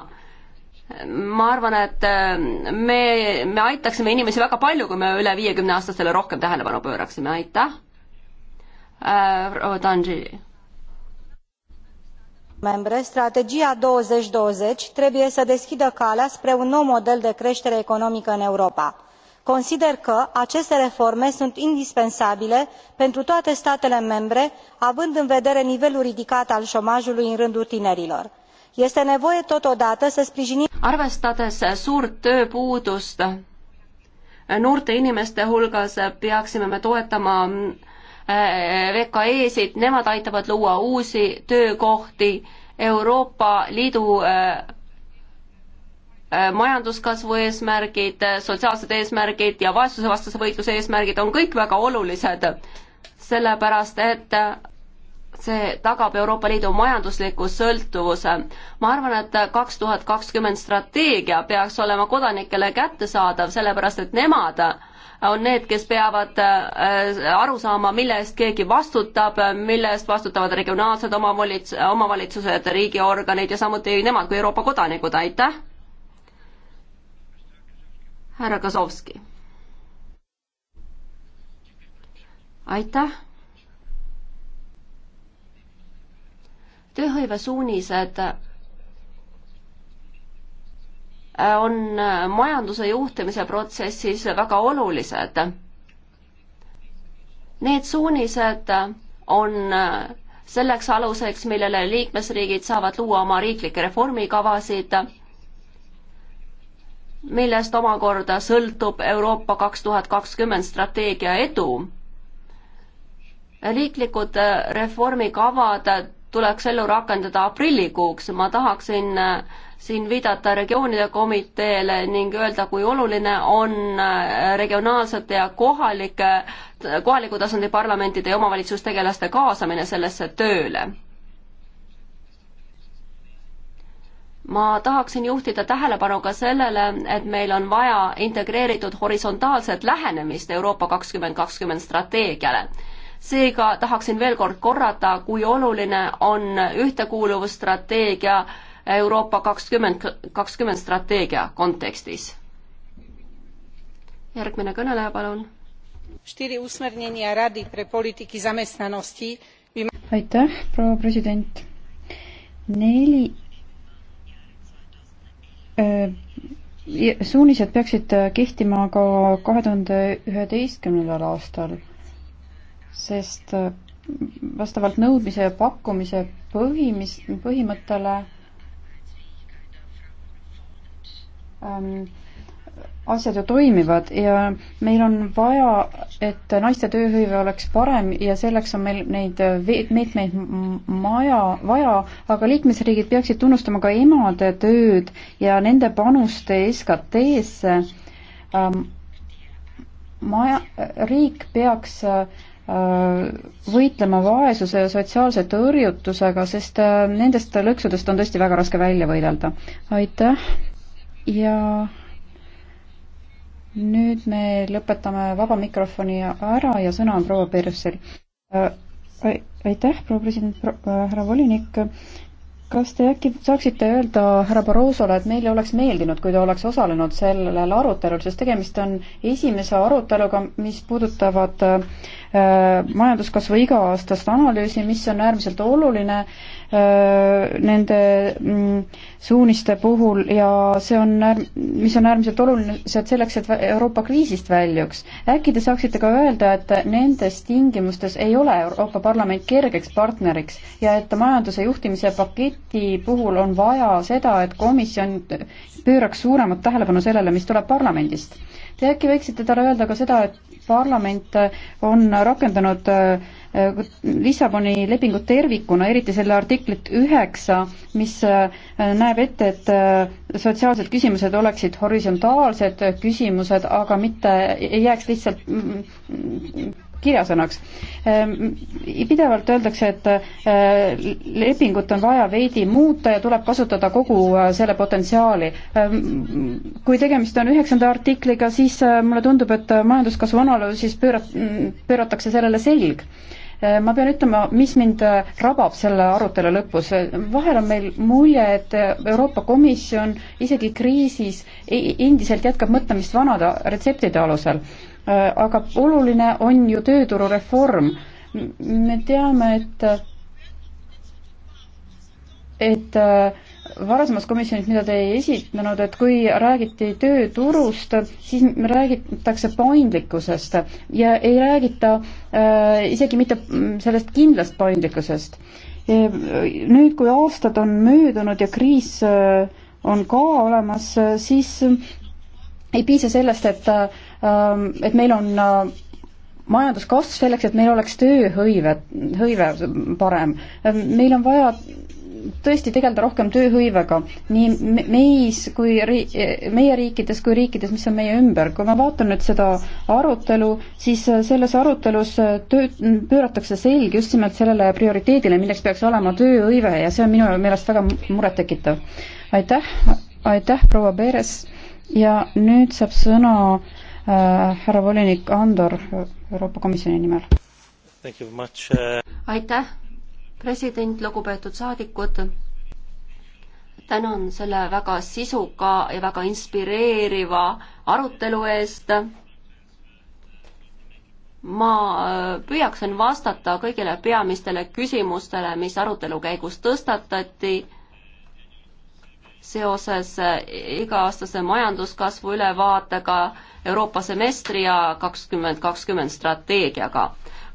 ma arvan, et äh, me, me aitaksime inimesi väga palju, kui me üle viiekümne aastastele rohkem tähelepanu pööraksime, aitäh. Äh, proua Tanži. membre, strategia douăzeci douăzeci trebuie să deschidă calea spre un nou model de creștere economică în Europa consider că aceste reforme sunt indispensabile pentru toate statele membre având în vedere nivelul ridicat al omajului în rândul tinerilor. este nevoie totodată să sprijinim. arvestades suurt tööpuudust noorte inimeste hulgas peaksime me toetama eh, VKE-sid, nemad aitavad luua uusi töökohti Euroopa Liidu eh, Äh, majanduskasvu eesmärgid, äh, sotsiaalsed eesmärgid ja vaesusevastase võitluse eesmärgid on kõik väga olulised, sellepärast et äh, see tagab Euroopa Liidu majandusliku sõltuvuse. ma arvan, et kaks tuhat kakskümmend strateegia peaks olema kodanikele kättesaadav, sellepärast et nemad on need, kes peavad aru saama, mille eest keegi vastutab, mille eest vastutavad regionaalsed omavalits-, omavalitsused, riigiorganid ja samuti nemad kui Euroopa kodanikud, aitäh! härra Kazovski. aitäh. tööhõive suunised äh, on äh, majanduse juhtimise protsessis väga olulised. Need suunised on äh, selleks aluseks, millele liikmesriigid saavad luua oma riiklikke reformikavasid millest omakorda sõltub Euroopa kaks tuhat kakskümmend strateegia edu. riiklikud äh, reformikavad tuleks ellu rakendada aprillikuuks, ma tahaksin äh, siin viidata regioonide komiteele ning öelda, kui oluline on äh, regionaalsete ja kohalike, kohaliku tasandi parlamentide ja omavalitsustegelaste kaasamine sellesse tööle ma tahaksin juhtida tähelepanu ka sellele, et meil on vaja integreeritud horisontaalset lähenemist Euroopa kakskümmend kakskümmend strateegiale. seega tahaksin veel kord korrata, kui oluline on ühtekuuluvusstrateegia Euroopa kakskümmend, kakskümmend strateegia kontekstis. järgmine kõneleja, palun. aitäh, proua president. neli Äh, suunised peaksid äh, kehtima ka kahe tuhande üheteistkümnendal aastal, sest äh, vastavalt nõudmise ja pakkumise põhimis-, põhimõttele ähm, asjad ju toimivad ja meil on vaja, et naiste tööhõive oleks parem ja selleks on meil neid meetmeid maja, vaja, aga liikmesriigid peaksid tunnustama ka emade tööd ja nende panuste SKT-sse ähm,. maja, riik peaks äh, võitlema vaesuse ja sotsiaalse tõrjutusega, sest äh, nendest lõksudest on tõesti väga raske välja võidelda. aitäh ja nüüd me lõpetame vaba mikrofoni ära ja sõna on proua Persel. Äh, aitäh, proua president, äh, härra volinik. kas te äkki saaksite öelda härra Barrosole, et meile oleks meeldinud, kui ta oleks osalenud sellel arutelul, sest tegemist on esimese aruteluga, mis puudutavad äh, majanduskasvu iga-aastast analüüsi, mis on äärmiselt oluline äh, nende mm, suuniste puhul ja see on, mis on äärmiselt olulised selleks, et Euroopa kriisist väljuks. äkki te saaksite ka öelda, et nendes tingimustes ei ole Euroopa Parlament kergeks partneriks ja et majanduse juhtimise paketi puhul on vaja seda, et komisjon pööraks suuremat tähelepanu sellele, mis tuleb parlamendist. Te äkki võiksite talle öelda ka seda, et parlament on rakendanud äh, Lissaboni lepingut tervikuna, eriti selle artiklit üheksa, mis äh, näeb ette, et äh, sotsiaalsed küsimused oleksid horisontaalsed küsimused, aga mitte ei jääks lihtsalt mm, mm, kirjasõnaks. Ähm, pidevalt öeldakse, et äh, lepingut on vaja veidi muuta ja tuleb kasutada kogu selle potentsiaali. Ähm, kui tegemist on üheksanda artikliga, siis mulle tundub, et majanduskasvu analüüsis pöörat-, pööratakse sellele selg Äh, ma pean ütlema, mis mind äh, rabab selle arutelu lõpus. Äh, vahel on meil mulje, et Euroopa Komisjon isegi kriisis endiselt jätkab mõtlemist vanade retseptide alusel. aga oluline on ju tööturureform. me teame, et et äh, varasemas komisjonis, mida te ei esitanud, et kui räägiti tööturust, siis räägitakse paindlikkusest ja ei räägita äh, isegi mitte sellest kindlast paindlikkusest. Äh, nüüd, kui aastad on möödunud ja kriis äh, on ka olemas, äh, siis äh, ei piisa sellest, et äh,, ähm, et meil on äh, majanduskasv selleks, et meil oleks tööhõive, hõive parem. meil on vaja tõesti tegeleda rohkem tööhõivega nii meis kui ri-, meie riikides kui riikides, mis on meie ümber. kui ma vaatan nüüd seda arutelu, siis äh, selles arutelus äh, töö, pööratakse selg just nimelt sellele prioriteedile, milleks peaks olema tööhõive ja see on minu meelest väga murettekitav. aitäh, aitäh, proua Peeres ja nüüd saab sõna äh, härra volinik Andor Euroopa Komisjoni nimel. Äh, aitäh president, lugupeetud saadikud, tänan selle väga sisuka ja väga inspireeriva arutelu eest. ma äh, püüaksin vastata kõigile peamistele küsimustele, mis arutelu käigus tõstatati seoses äh, iga-aastase majanduskasvu ülevaatega Euroopa semestri ja kakskümmend kakskümmend strateegiaga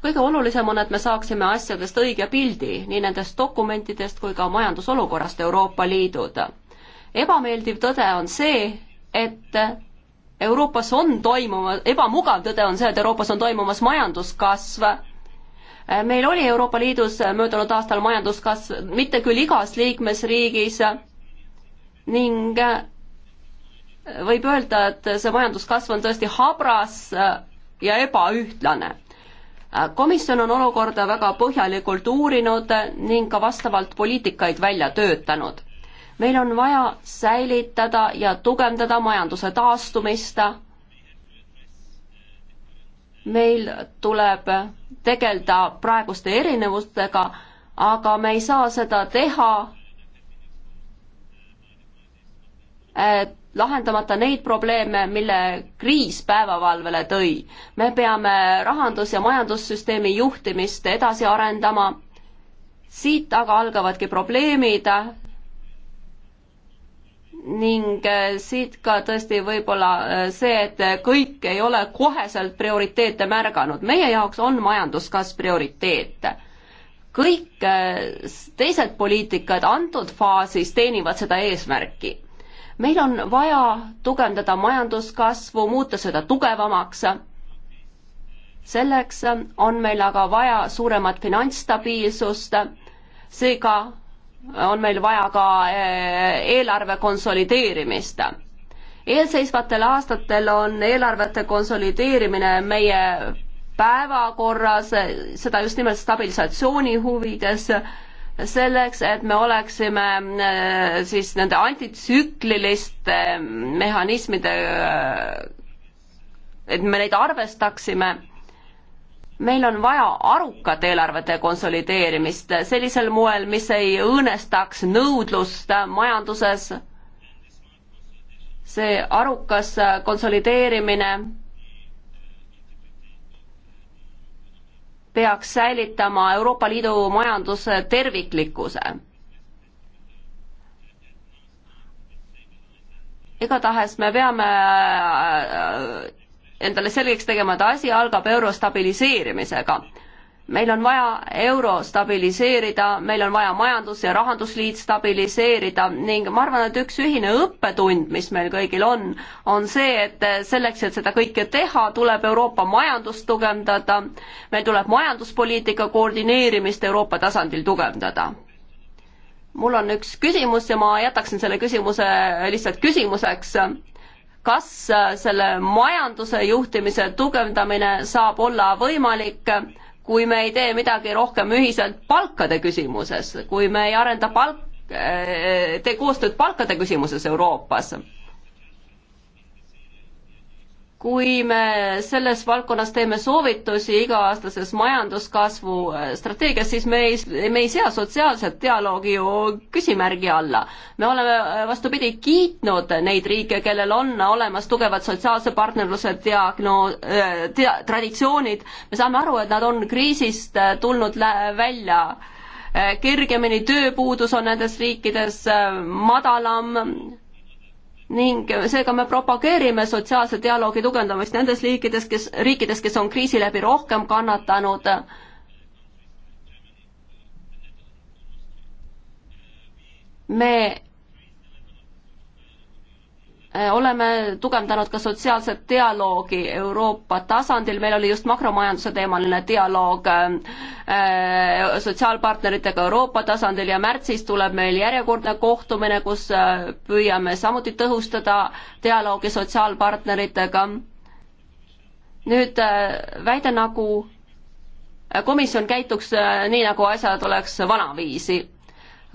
kõige olulisem on, et me saaksime asjadest õige pildi, nii nendest dokumentidest kui ka majandusolukorrast Euroopa Liidud. ebameeldiv tõde on see, et Euroopas on toimumas, ebamugav tõde on see, et Euroopas on toimumas majanduskasv, meil oli Euroopa Liidus möödunud aastal majanduskasv, mitte küll igas liikmesriigis ning võib öelda, et see majanduskasv on tõesti habras ja ebaühtlane komisjon on olukorda väga põhjalikult uurinud ning ka vastavalt poliitikaid välja töötanud. meil on vaja säilitada ja tugevdada majanduse taastumist. meil tuleb tegeleda praeguste erinevustega, aga me ei saa seda teha lahendamata neid probleeme, mille kriis päevavalvele tõi. me peame rahandus- ja majandussüsteemi juhtimist edasi arendama, siit aga algavadki probleemid ning äh, siit ka tõesti võib-olla äh, see, et kõik ei ole koheselt prioriteete märganud, meie jaoks on majanduskasv prioriteet kõik äh, teised poliitikad antud faasis teenivad seda eesmärki meil on vaja tugevdada majanduskasvu, muuta seda tugevamaks. selleks on meil aga vaja suuremat finantsstabiilsust, seega on meil vaja ka eh, eelarve konsolideerimist eelseisvatel aastatel on eelarvete konsolideerimine meie päevakorras, seda just nimelt stabilisatsiooni huvides selleks, et me oleksime äh, siis nende antitsükliliste äh, mehhanismide, äh, et me neid arvestaksime, meil on vaja arukat eelarvete konsolideerimist sellisel moel, mis ei õõnestaks nõudlust majanduses. see arukas konsolideerimine peaks säilitama Euroopa Liidu majanduse terviklikkuse. igatahes me peame äh, endale selgeks tegema, et asi algab euro stabiliseerimisega meil on vaja euro stabiliseerida, meil on vaja majandus- ja rahandusliit stabiliseerida ning ma arvan, et üks ühine õppetund, mis meil kõigil on, on see, et selleks, et seda kõike teha, tuleb Euroopa majandust tugevdada, meil tuleb majanduspoliitika koordineerimist Euroopa tasandil tugevdada mul on üks küsimus ja ma jätaksin selle küsimuse lihtsalt küsimuseks kas selle majanduse juhtimise tugevdamine saab olla võimalik kui me ei tee midagi rohkem ühiselt palkade küsimuses, kui me ei arenda palk, äh, äh, tee koostööd palkade küsimuses Euroopas kui me selles valdkonnas teeme soovitusi iga-aastases majanduskasvu äh, strateegias, siis me ei, me ei sea sotsiaalset dialoogi ju küsimärgi alla. me oleme äh, vastupidi kiitnud neid riike, kellel on olemas tugevad sotsiaalse partnerluse diagno- äh, dia,, traditsioonid, me saame aru, et nad on kriisist tulnud välja kergemini, tööpuudus on nendes riikides madalam ning seega me propageerime sotsiaalse dialoogi tugevdamist nendes liikides, kes, riikides, kes on kriisi läbi rohkem kannatanud. me Äh, oleme tugevdanud ka sotsiaalset dialoogi Euroopa tasandil, meil oli just makromajanduse teemaline dialoog äh, sotsiaalpartneritega Euroopa tasandil ja märtsis tuleb meil järjekordne kohtumine, kus äh, püüame samuti tõhustada dialoogi sotsiaalpartneritega. nüüd väide nagu komisjon käituks nii, nagu asjad oleks vanaviisi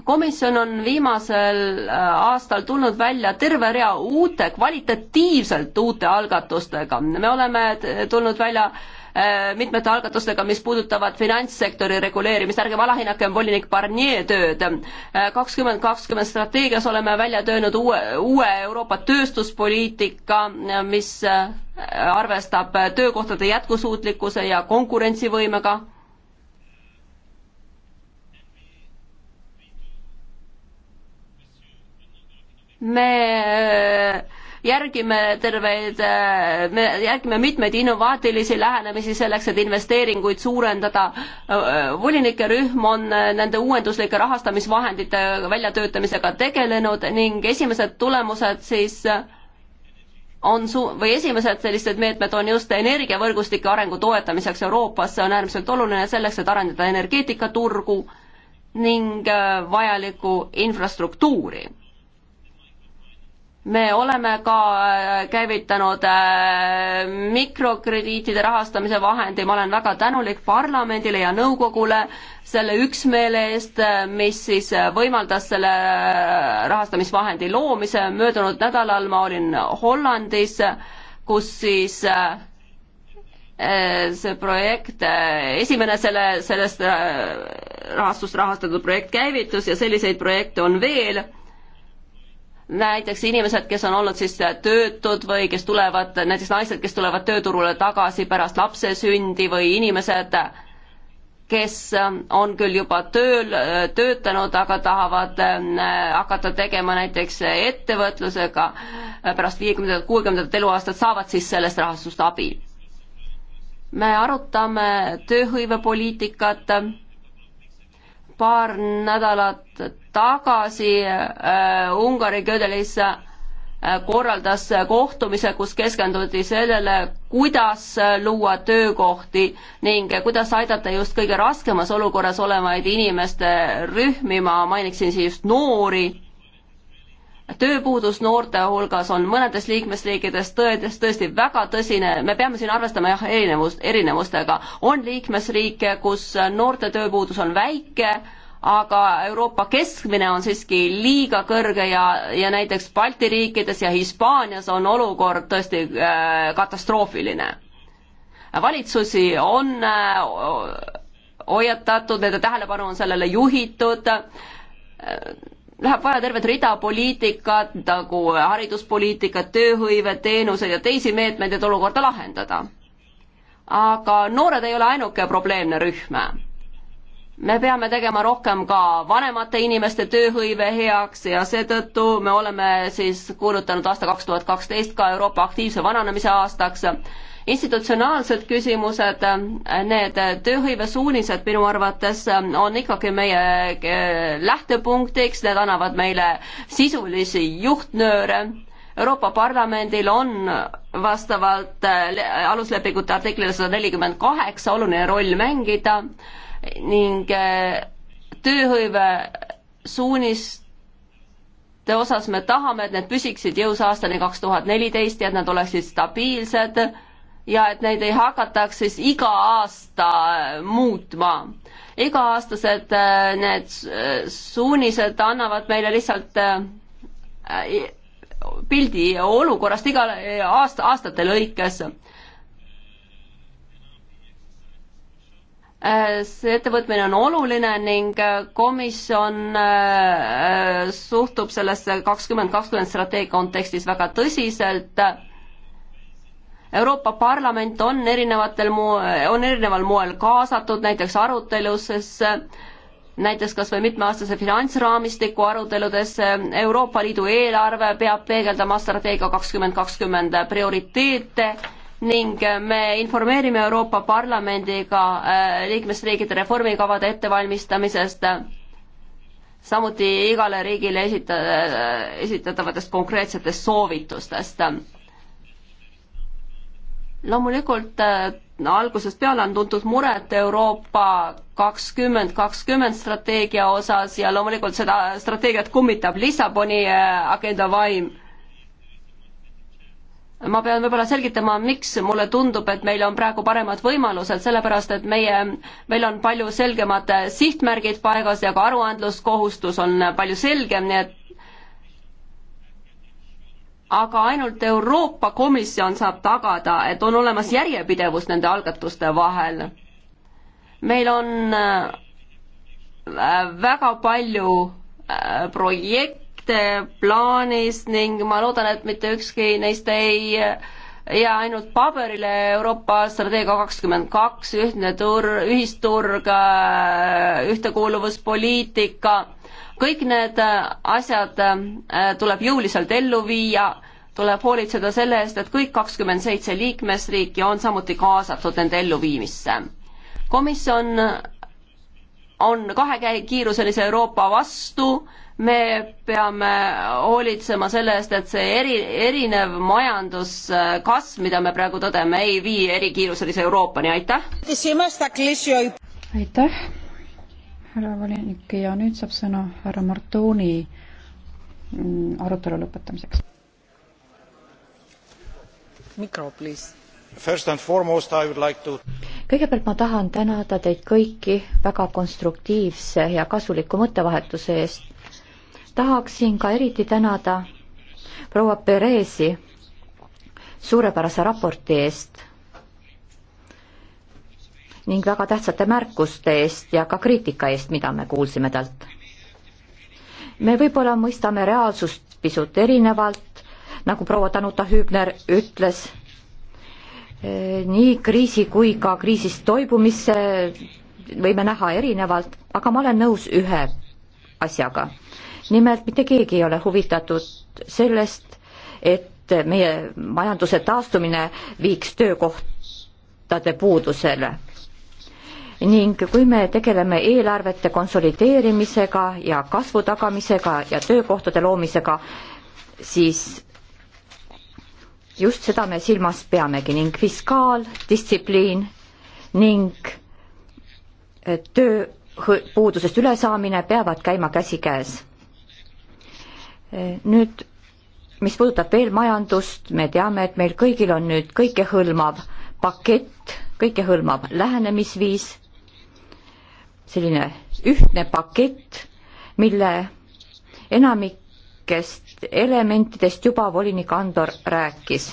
komisjon on viimasel äh, aastal tulnud välja terve rea uute, kvalitatiivselt uute algatustega. me oleme tulnud välja äh, mitmete algatustega, mis puudutavad finantssektori reguleerimist, ärgem alahinnakem volinik Barnier tööd. Äh, kakskümmend kakskümmend strateegias oleme välja töönud uue, uue Euroopa tööstuspoliitika, mis arvestab töökohtade jätkusuutlikkuse ja konkurentsivõimega me äh, järgime terveid, äh, me järgime mitmeid innovaatilisi lähenemisi selleks, et investeeringuid suurendada. Äh, volinike rühm on nende uuenduslike rahastamisvahendite väljatöötamisega tegelenud ning esimesed tulemused siis on su-, või esimesed sellised meetmed on just energiavõrgustike arengu toetamiseks Euroopas, see on äärmiselt oluline selleks, et arendada energeetikaturgu ning vajalikku infrastruktuuri me oleme ka äh, käivitanud äh, mikrokrediitide rahastamise vahendi, ma olen väga tänulik parlamendile ja nõukogule selle üksmeele eest, äh, mis siis võimaldas selle rahastamisvahendi loomise. möödunud nädalal ma olin Hollandis, kus siis see projekt, esimene selle, sellest rahastust rahastatud projekt käivitus ja selliseid projekte on veel näiteks inimesed, kes on olnud siis töötud või kes tulevad, näiteks naised, kes tulevad tööturule tagasi pärast lapse sündi või inimesed, kes ähm, on küll juba tööl, äh, töötanud, aga tahavad ähm, hakata tegema näiteks ettevõtlusega äh, pärast viiekümnendat, kuuekümnendat eluaastat, saavad siis sellest rahastust abi. me arutame tööhõivepoliitikat paar nädalat tagasi äh, Ungari Gödelis äh, korraldas kohtumise, kus keskenduti sellele, kuidas äh, luua töökohti ning kuidas aidata just kõige raskemas olukorras olevaid inimeste rühmi, ma mainiksin siin just noori. tööpuudus noorte hulgas on mõnedes liikmesriikides tõedes tõesti väga tõsine, me peame siin arvestama jah, erinevust, erinevustega. on liikmesriike, kus noorte tööpuudus on väike aga Euroopa keskmine on siiski liiga kõrge ja, ja näiteks Balti riikides ja Hispaanias on olukord tõesti äh, katastroofiline. valitsusi on äh, hoiatatud, nende tähelepanu on sellele juhitud äh,, läheb vaja tervet rida poliitikat nagu hariduspoliitikat, tööhõive, teenused ja teisi meetmeid, et olukorda lahendada. aga noored ei ole ainuke probleemne rühm me peame tegema rohkem ka vanemate inimeste tööhõive heaks ja seetõttu me oleme siis kuulutanud aasta kaks tuhat kaksteist ka Euroopa aktiivse vananemise aastaks. institutsionaalsed küsimused, need tööhõivesuunised minu arvates on ikkagi meie eh, lähtepunktiks, need annavad meile sisulisi juhtnööre Euroopa Parlamendil on vastavalt eh, aluslepingute artiklile sada nelikümmend kaheksa oluline roll mängida ning äh, tööhõive suuniste osas me tahame, et need püsiksid jõus aastani kaks tuhat neliteist ja et nad oleksid stabiilsed ja et neid ei hakataks siis iga aasta äh, muutma. iga-aastased äh, need suunised annavad meile lihtsalt pildi olukorrast iga aasta, aastate lõikes see ettevõtmine on oluline ning äh, komisjon äh, äh, suhtub sellesse kakskümmend kakskümmend strateegia kontekstis väga tõsiselt. Euroopa Parlament on erinevatel muu-, on erineval moel kaasatud näiteks arutelusesse, näiteks kas või mitmeaastase finantsraamistiku aruteludesse, Euroopa Liidu eelarve peab peegeldama strateegia kakskümmend kakskümmend prioriteete ning me informeerime Euroopa Parlamendiga äh, liikmesriikide reformikavade ettevalmistamisest, samuti igale riigile esita-, äh, esitatavatest konkreetsetest soovitustest. loomulikult no, äh, algusest peale on tuntud muret Euroopa kakskümmend kakskümmend strateegia osas ja loomulikult seda strateegiat kummitab Lissaboni agenda vaim ma pean võib-olla selgitama, miks mulle tundub, et meil on praegu paremad võimalused, sellepärast et meie, meil on palju selgemad sihtmärgid paigas ja ka aruandluskohustus on palju selgem, nii et aga ainult Euroopa Komisjon saab tagada, et on olemas järjepidevus nende algatuste vahel. meil on äh, väga palju äh, projekte, projekte plaanis ning ma loodan, et mitte ükski neist ei ja ainult paberile Euroopa strateegia kakskümmend kaks, ühtne tur-, ühisturg, ühtekuuluvuspoliitika, kõik need asjad äh, tuleb jõuliselt ellu viia, tuleb hoolitseda selle eest, et kõik kakskümmend seitse liikmesriiki on samuti kaasatud nende elluviimisse. komisjon on kahekiiruselise Euroopa vastu me peame hoolitsema selle eest, et see eri, erinev majanduskasv, äh, mida me praegu tõdeme, ei vii erikiiruselise Euroopani, aitäh! aitäh, härra volinik ja nüüd saab sõna härra Martoni mm, arutelu lõpetamiseks. mikro, please. First and foremost I would like to kõigepealt ma tahan tänada teid kõiki väga konstruktiivse ja kasuliku mõttevahetuse eest tahaksin ka eriti tänada proua Perezi suurepärase raporti eest ning väga tähtsate märkuste eest ja ka kriitika eest, mida me kuulsime talt. me võib-olla mõistame reaalsust pisut erinevalt, nagu proua Tanuta Hübner ütles, e, nii kriisi kui ka kriisist toibumisse võime näha erinevalt, aga ma olen nõus ühe asjaga nimelt mitte keegi ei ole huvitatud sellest, et meie majanduse taastumine viiks töökohtade puudusele. ning kui me tegeleme eelarvete konsolideerimisega ja kasvu tagamisega ja töökohtade loomisega, siis just seda me silmas peamegi ning fiskaaldistsipliin ning eh, tööpuudusest ülesaamine peavad käima käsikäes nüüd, mis puudutab veel majandust, me teame, et meil kõigil on nüüd kõikehõlmav pakett, kõikehõlmav lähenemisviis, selline ühtne pakett, mille enamikest elementidest juba volinik Andor rääkis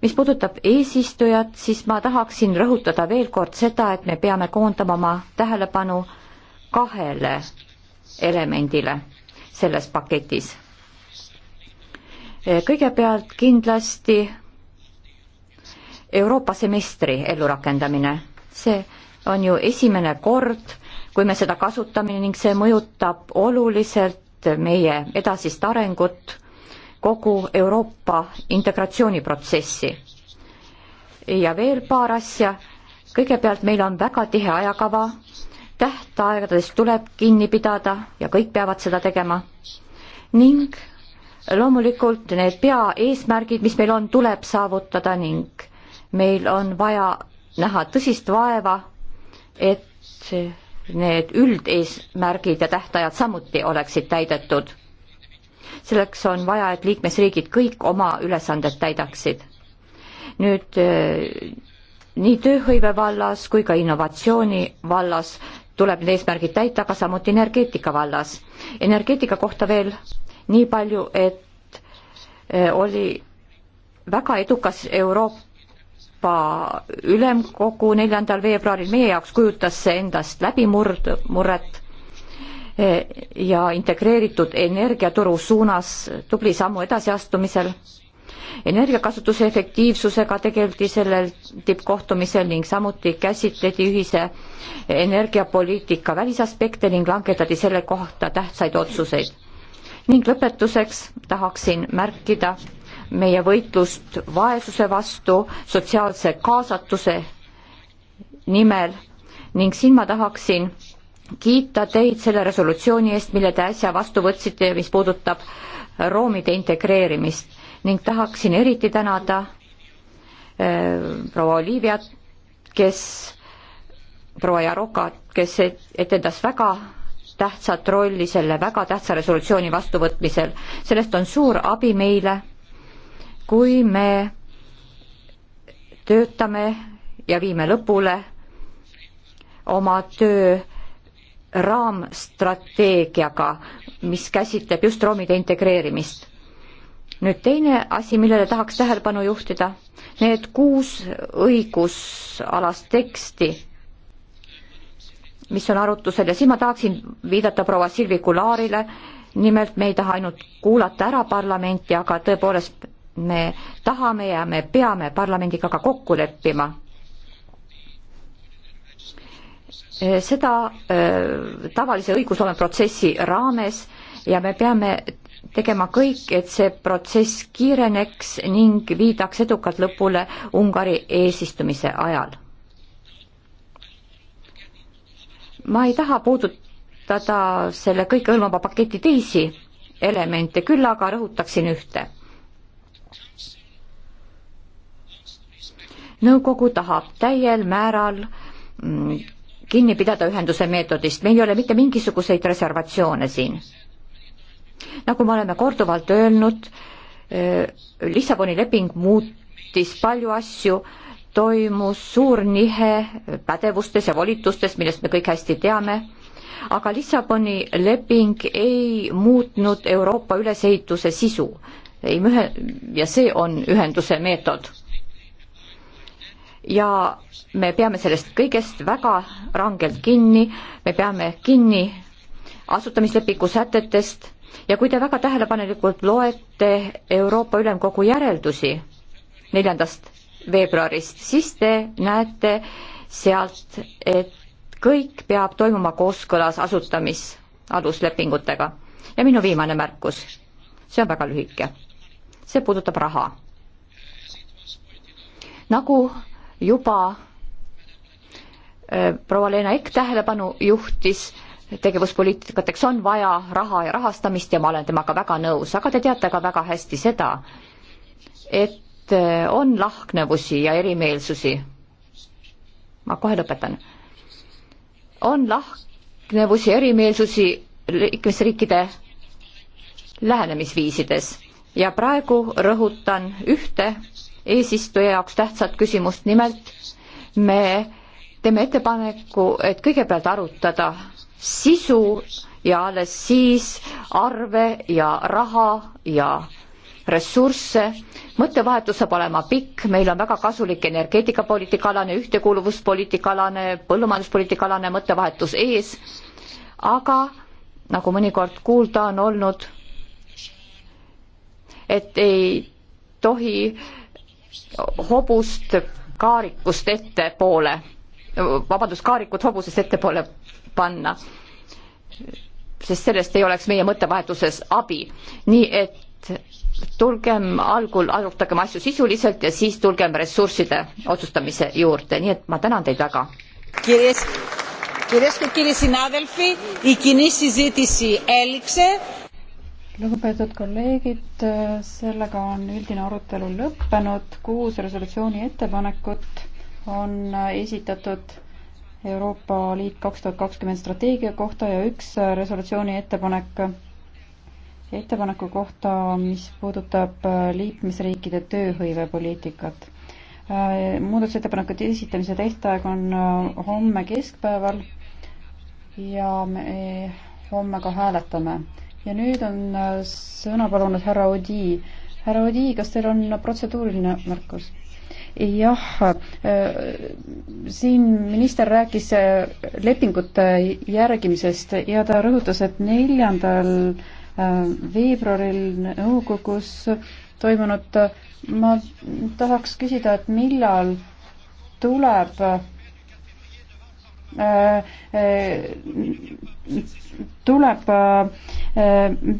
mis puudutab eesistujat, siis ma tahaksin rõhutada veel kord seda, et me peame koondama oma tähelepanu kahele elemendile selles paketis. kõigepealt kindlasti Euroopa semestri ellurakendamine, see on ju esimene kord, kui me seda kasutame ning see mõjutab oluliselt meie edasist arengut, kogu Euroopa integratsiooniprotsessi. ja veel paar asja, kõigepealt meil on väga tihe ajakava tähtaegadest tuleb kinni pidada ja kõik peavad seda tegema. ning loomulikult need peaeesmärgid, mis meil on, tuleb saavutada ning meil on vaja näha tõsist vaeva, et need üldeesmärgid ja tähtajad samuti oleksid täidetud. selleks on vaja, et liikmesriigid kõik oma ülesanded täidaksid. nüüd eh, nii tööhõive vallas kui ka innovatsiooni vallas tuleb need eesmärgid täita, aga samuti energeetika vallas. energeetika kohta veel nii palju, et eh, oli väga edukas Euroopa Ülemkogu neljandal veebruaril, meie jaoks kujutas see endast läbimurd, murret eh, ja integreeritud energiaturu suunas tubli sammu edasiastumisel energiakasutuse efektiivsusega tegeldi sellel tippkohtumisel ning samuti käsitleti ühise energiapoliitika välisaspekte ning langetati selle kohta tähtsaid otsuseid. ning lõpetuseks tahaksin märkida meie võitlust vaesuse vastu sotsiaalse kaasatuse nimel ning siin ma tahaksin kiita teid selle resolutsiooni eest, mille te äsja vastu võtsite ja mis puudutab roomide integreerimist ning tahaksin eriti tänada äh, proua Oliviat, kes, proua Jarokat, kes etendas väga tähtsat rolli selle väga tähtsa resolutsiooni vastuvõtmisel. sellest on suur abi meile, kui me töötame ja viime lõpule oma töö raamstrateegiaga, mis käsitleb just romide integreerimist nüüd teine asi, millele tahaks tähelepanu juhtida, need kuus õigusalast teksti, mis on arutusel ja siin ma tahaksin viidata proua Silvi Kulaarile, nimelt me ei taha ainult kuulata ära parlamenti, aga tõepoolest me tahame ja me peame parlamendiga ka kokku leppima. seda äh, tavalise õigusloome protsessi raames ja me peame tegema kõik, et see protsess kiireneks ning viidaks edukalt lõpule Ungari eesistumise ajal. ma ei taha puudutada selle kõikehõlmava paketi teisi elemente, küll aga rõhutaksin ühte. nõukogu tahab täiel määral mm, kinni pidada ühenduse meetodist, meil ei ole mitte mingisuguseid reservatsioone siin nagu me oleme korduvalt öelnud, eh, Lissaboni leping muutis palju asju, toimus suur nihe pädevustes ja volitustes, millest me kõik hästi teame, aga Lissaboni leping ei muutnud Euroopa ülesehituse sisu. ei mühe- ja see on ühenduse meetod ja me peame sellest kõigest väga rangelt kinni, me peame kinni asutamislepingu sätetest ja kui te väga tähelepanelikult loete Euroopa Ülemkogu järeldusi neljandast veebruarist, siis te näete sealt, et kõik peab toimuma kooskõlas asutamisaluslepingutega. ja minu viimane märkus, see on väga lühike, see puudutab raha. nagu juba äh, proua Leena Ekk tähelepanu juhtis, tegevuspoliitikateks on vaja raha ja rahastamist ja ma olen temaga väga nõus, aga te teate ka väga hästi seda, et eh, on lahknevusi ja erimeelsusi. ma kohe lõpetan. on lahknevusi, erimeelsusi liikmesriikide lähenemisviisides ja praegu rõhutan ühte eesistuja jaoks tähtsat küsimust, nimelt me teeme ettepaneku, et kõigepealt arutada sisu ja alles siis arve ja raha ja ressursse. mõttevahetus saab olema pikk, meil on väga kasulik energeetikapoliitika alane, ühtekuuluvuspoliitika alane, põllumajanduspoliitika alane mõttevahetus ees. aga nagu mõnikord kuulda on olnud, et ei tohi hobust kaarikust ettepoole, vabandust, kaarikut hobusest ettepoole panna. sest sellest ei oleks meie mõttevahetuses abi. nii et tulgem algul, arutagem asju sisuliselt ja siis tulgem ressursside otsustamise juurde, nii et ma tänan teid väga. kirjas Κυρίες και κύριοι συνάδελφοι, η κοινή συζήτηση έληξε. Lugupeetud kolleegid, sellega on üldine arutelu lõppenud. Kuus resolutsiooni ettepanekut on esitatud Euroopa Liit kaks tuhat kakskümmend strateegia kohta ja üks resolutsiooni ettepanek ettepaneku kohta, mis puudutab äh, liikmesriikide tööhõivepoliitikat. Äh, muudatusettepanekute esitamise tähtaeg on äh, homme keskpäeval ja me homme ka hääletame. ja nüüd on sõna palunud härra Odi. härra Odi, kas teil on protseduuriline märkus? jah, äh, siin minister rääkis äh, lepingute järgimisest ja ta rõhutas, et neljandal äh, veebruaril nõukogus toimunud, ma tahaks küsida, et millal tuleb tuleb,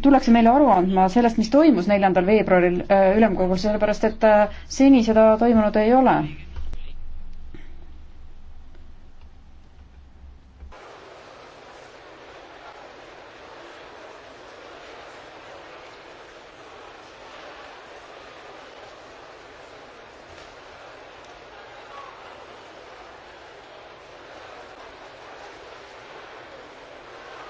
tullakse meile aru andma sellest, mis toimus neljandal veebruaril äh, ülemkogul, sellepärast et äh, seni seda toimunud ei ole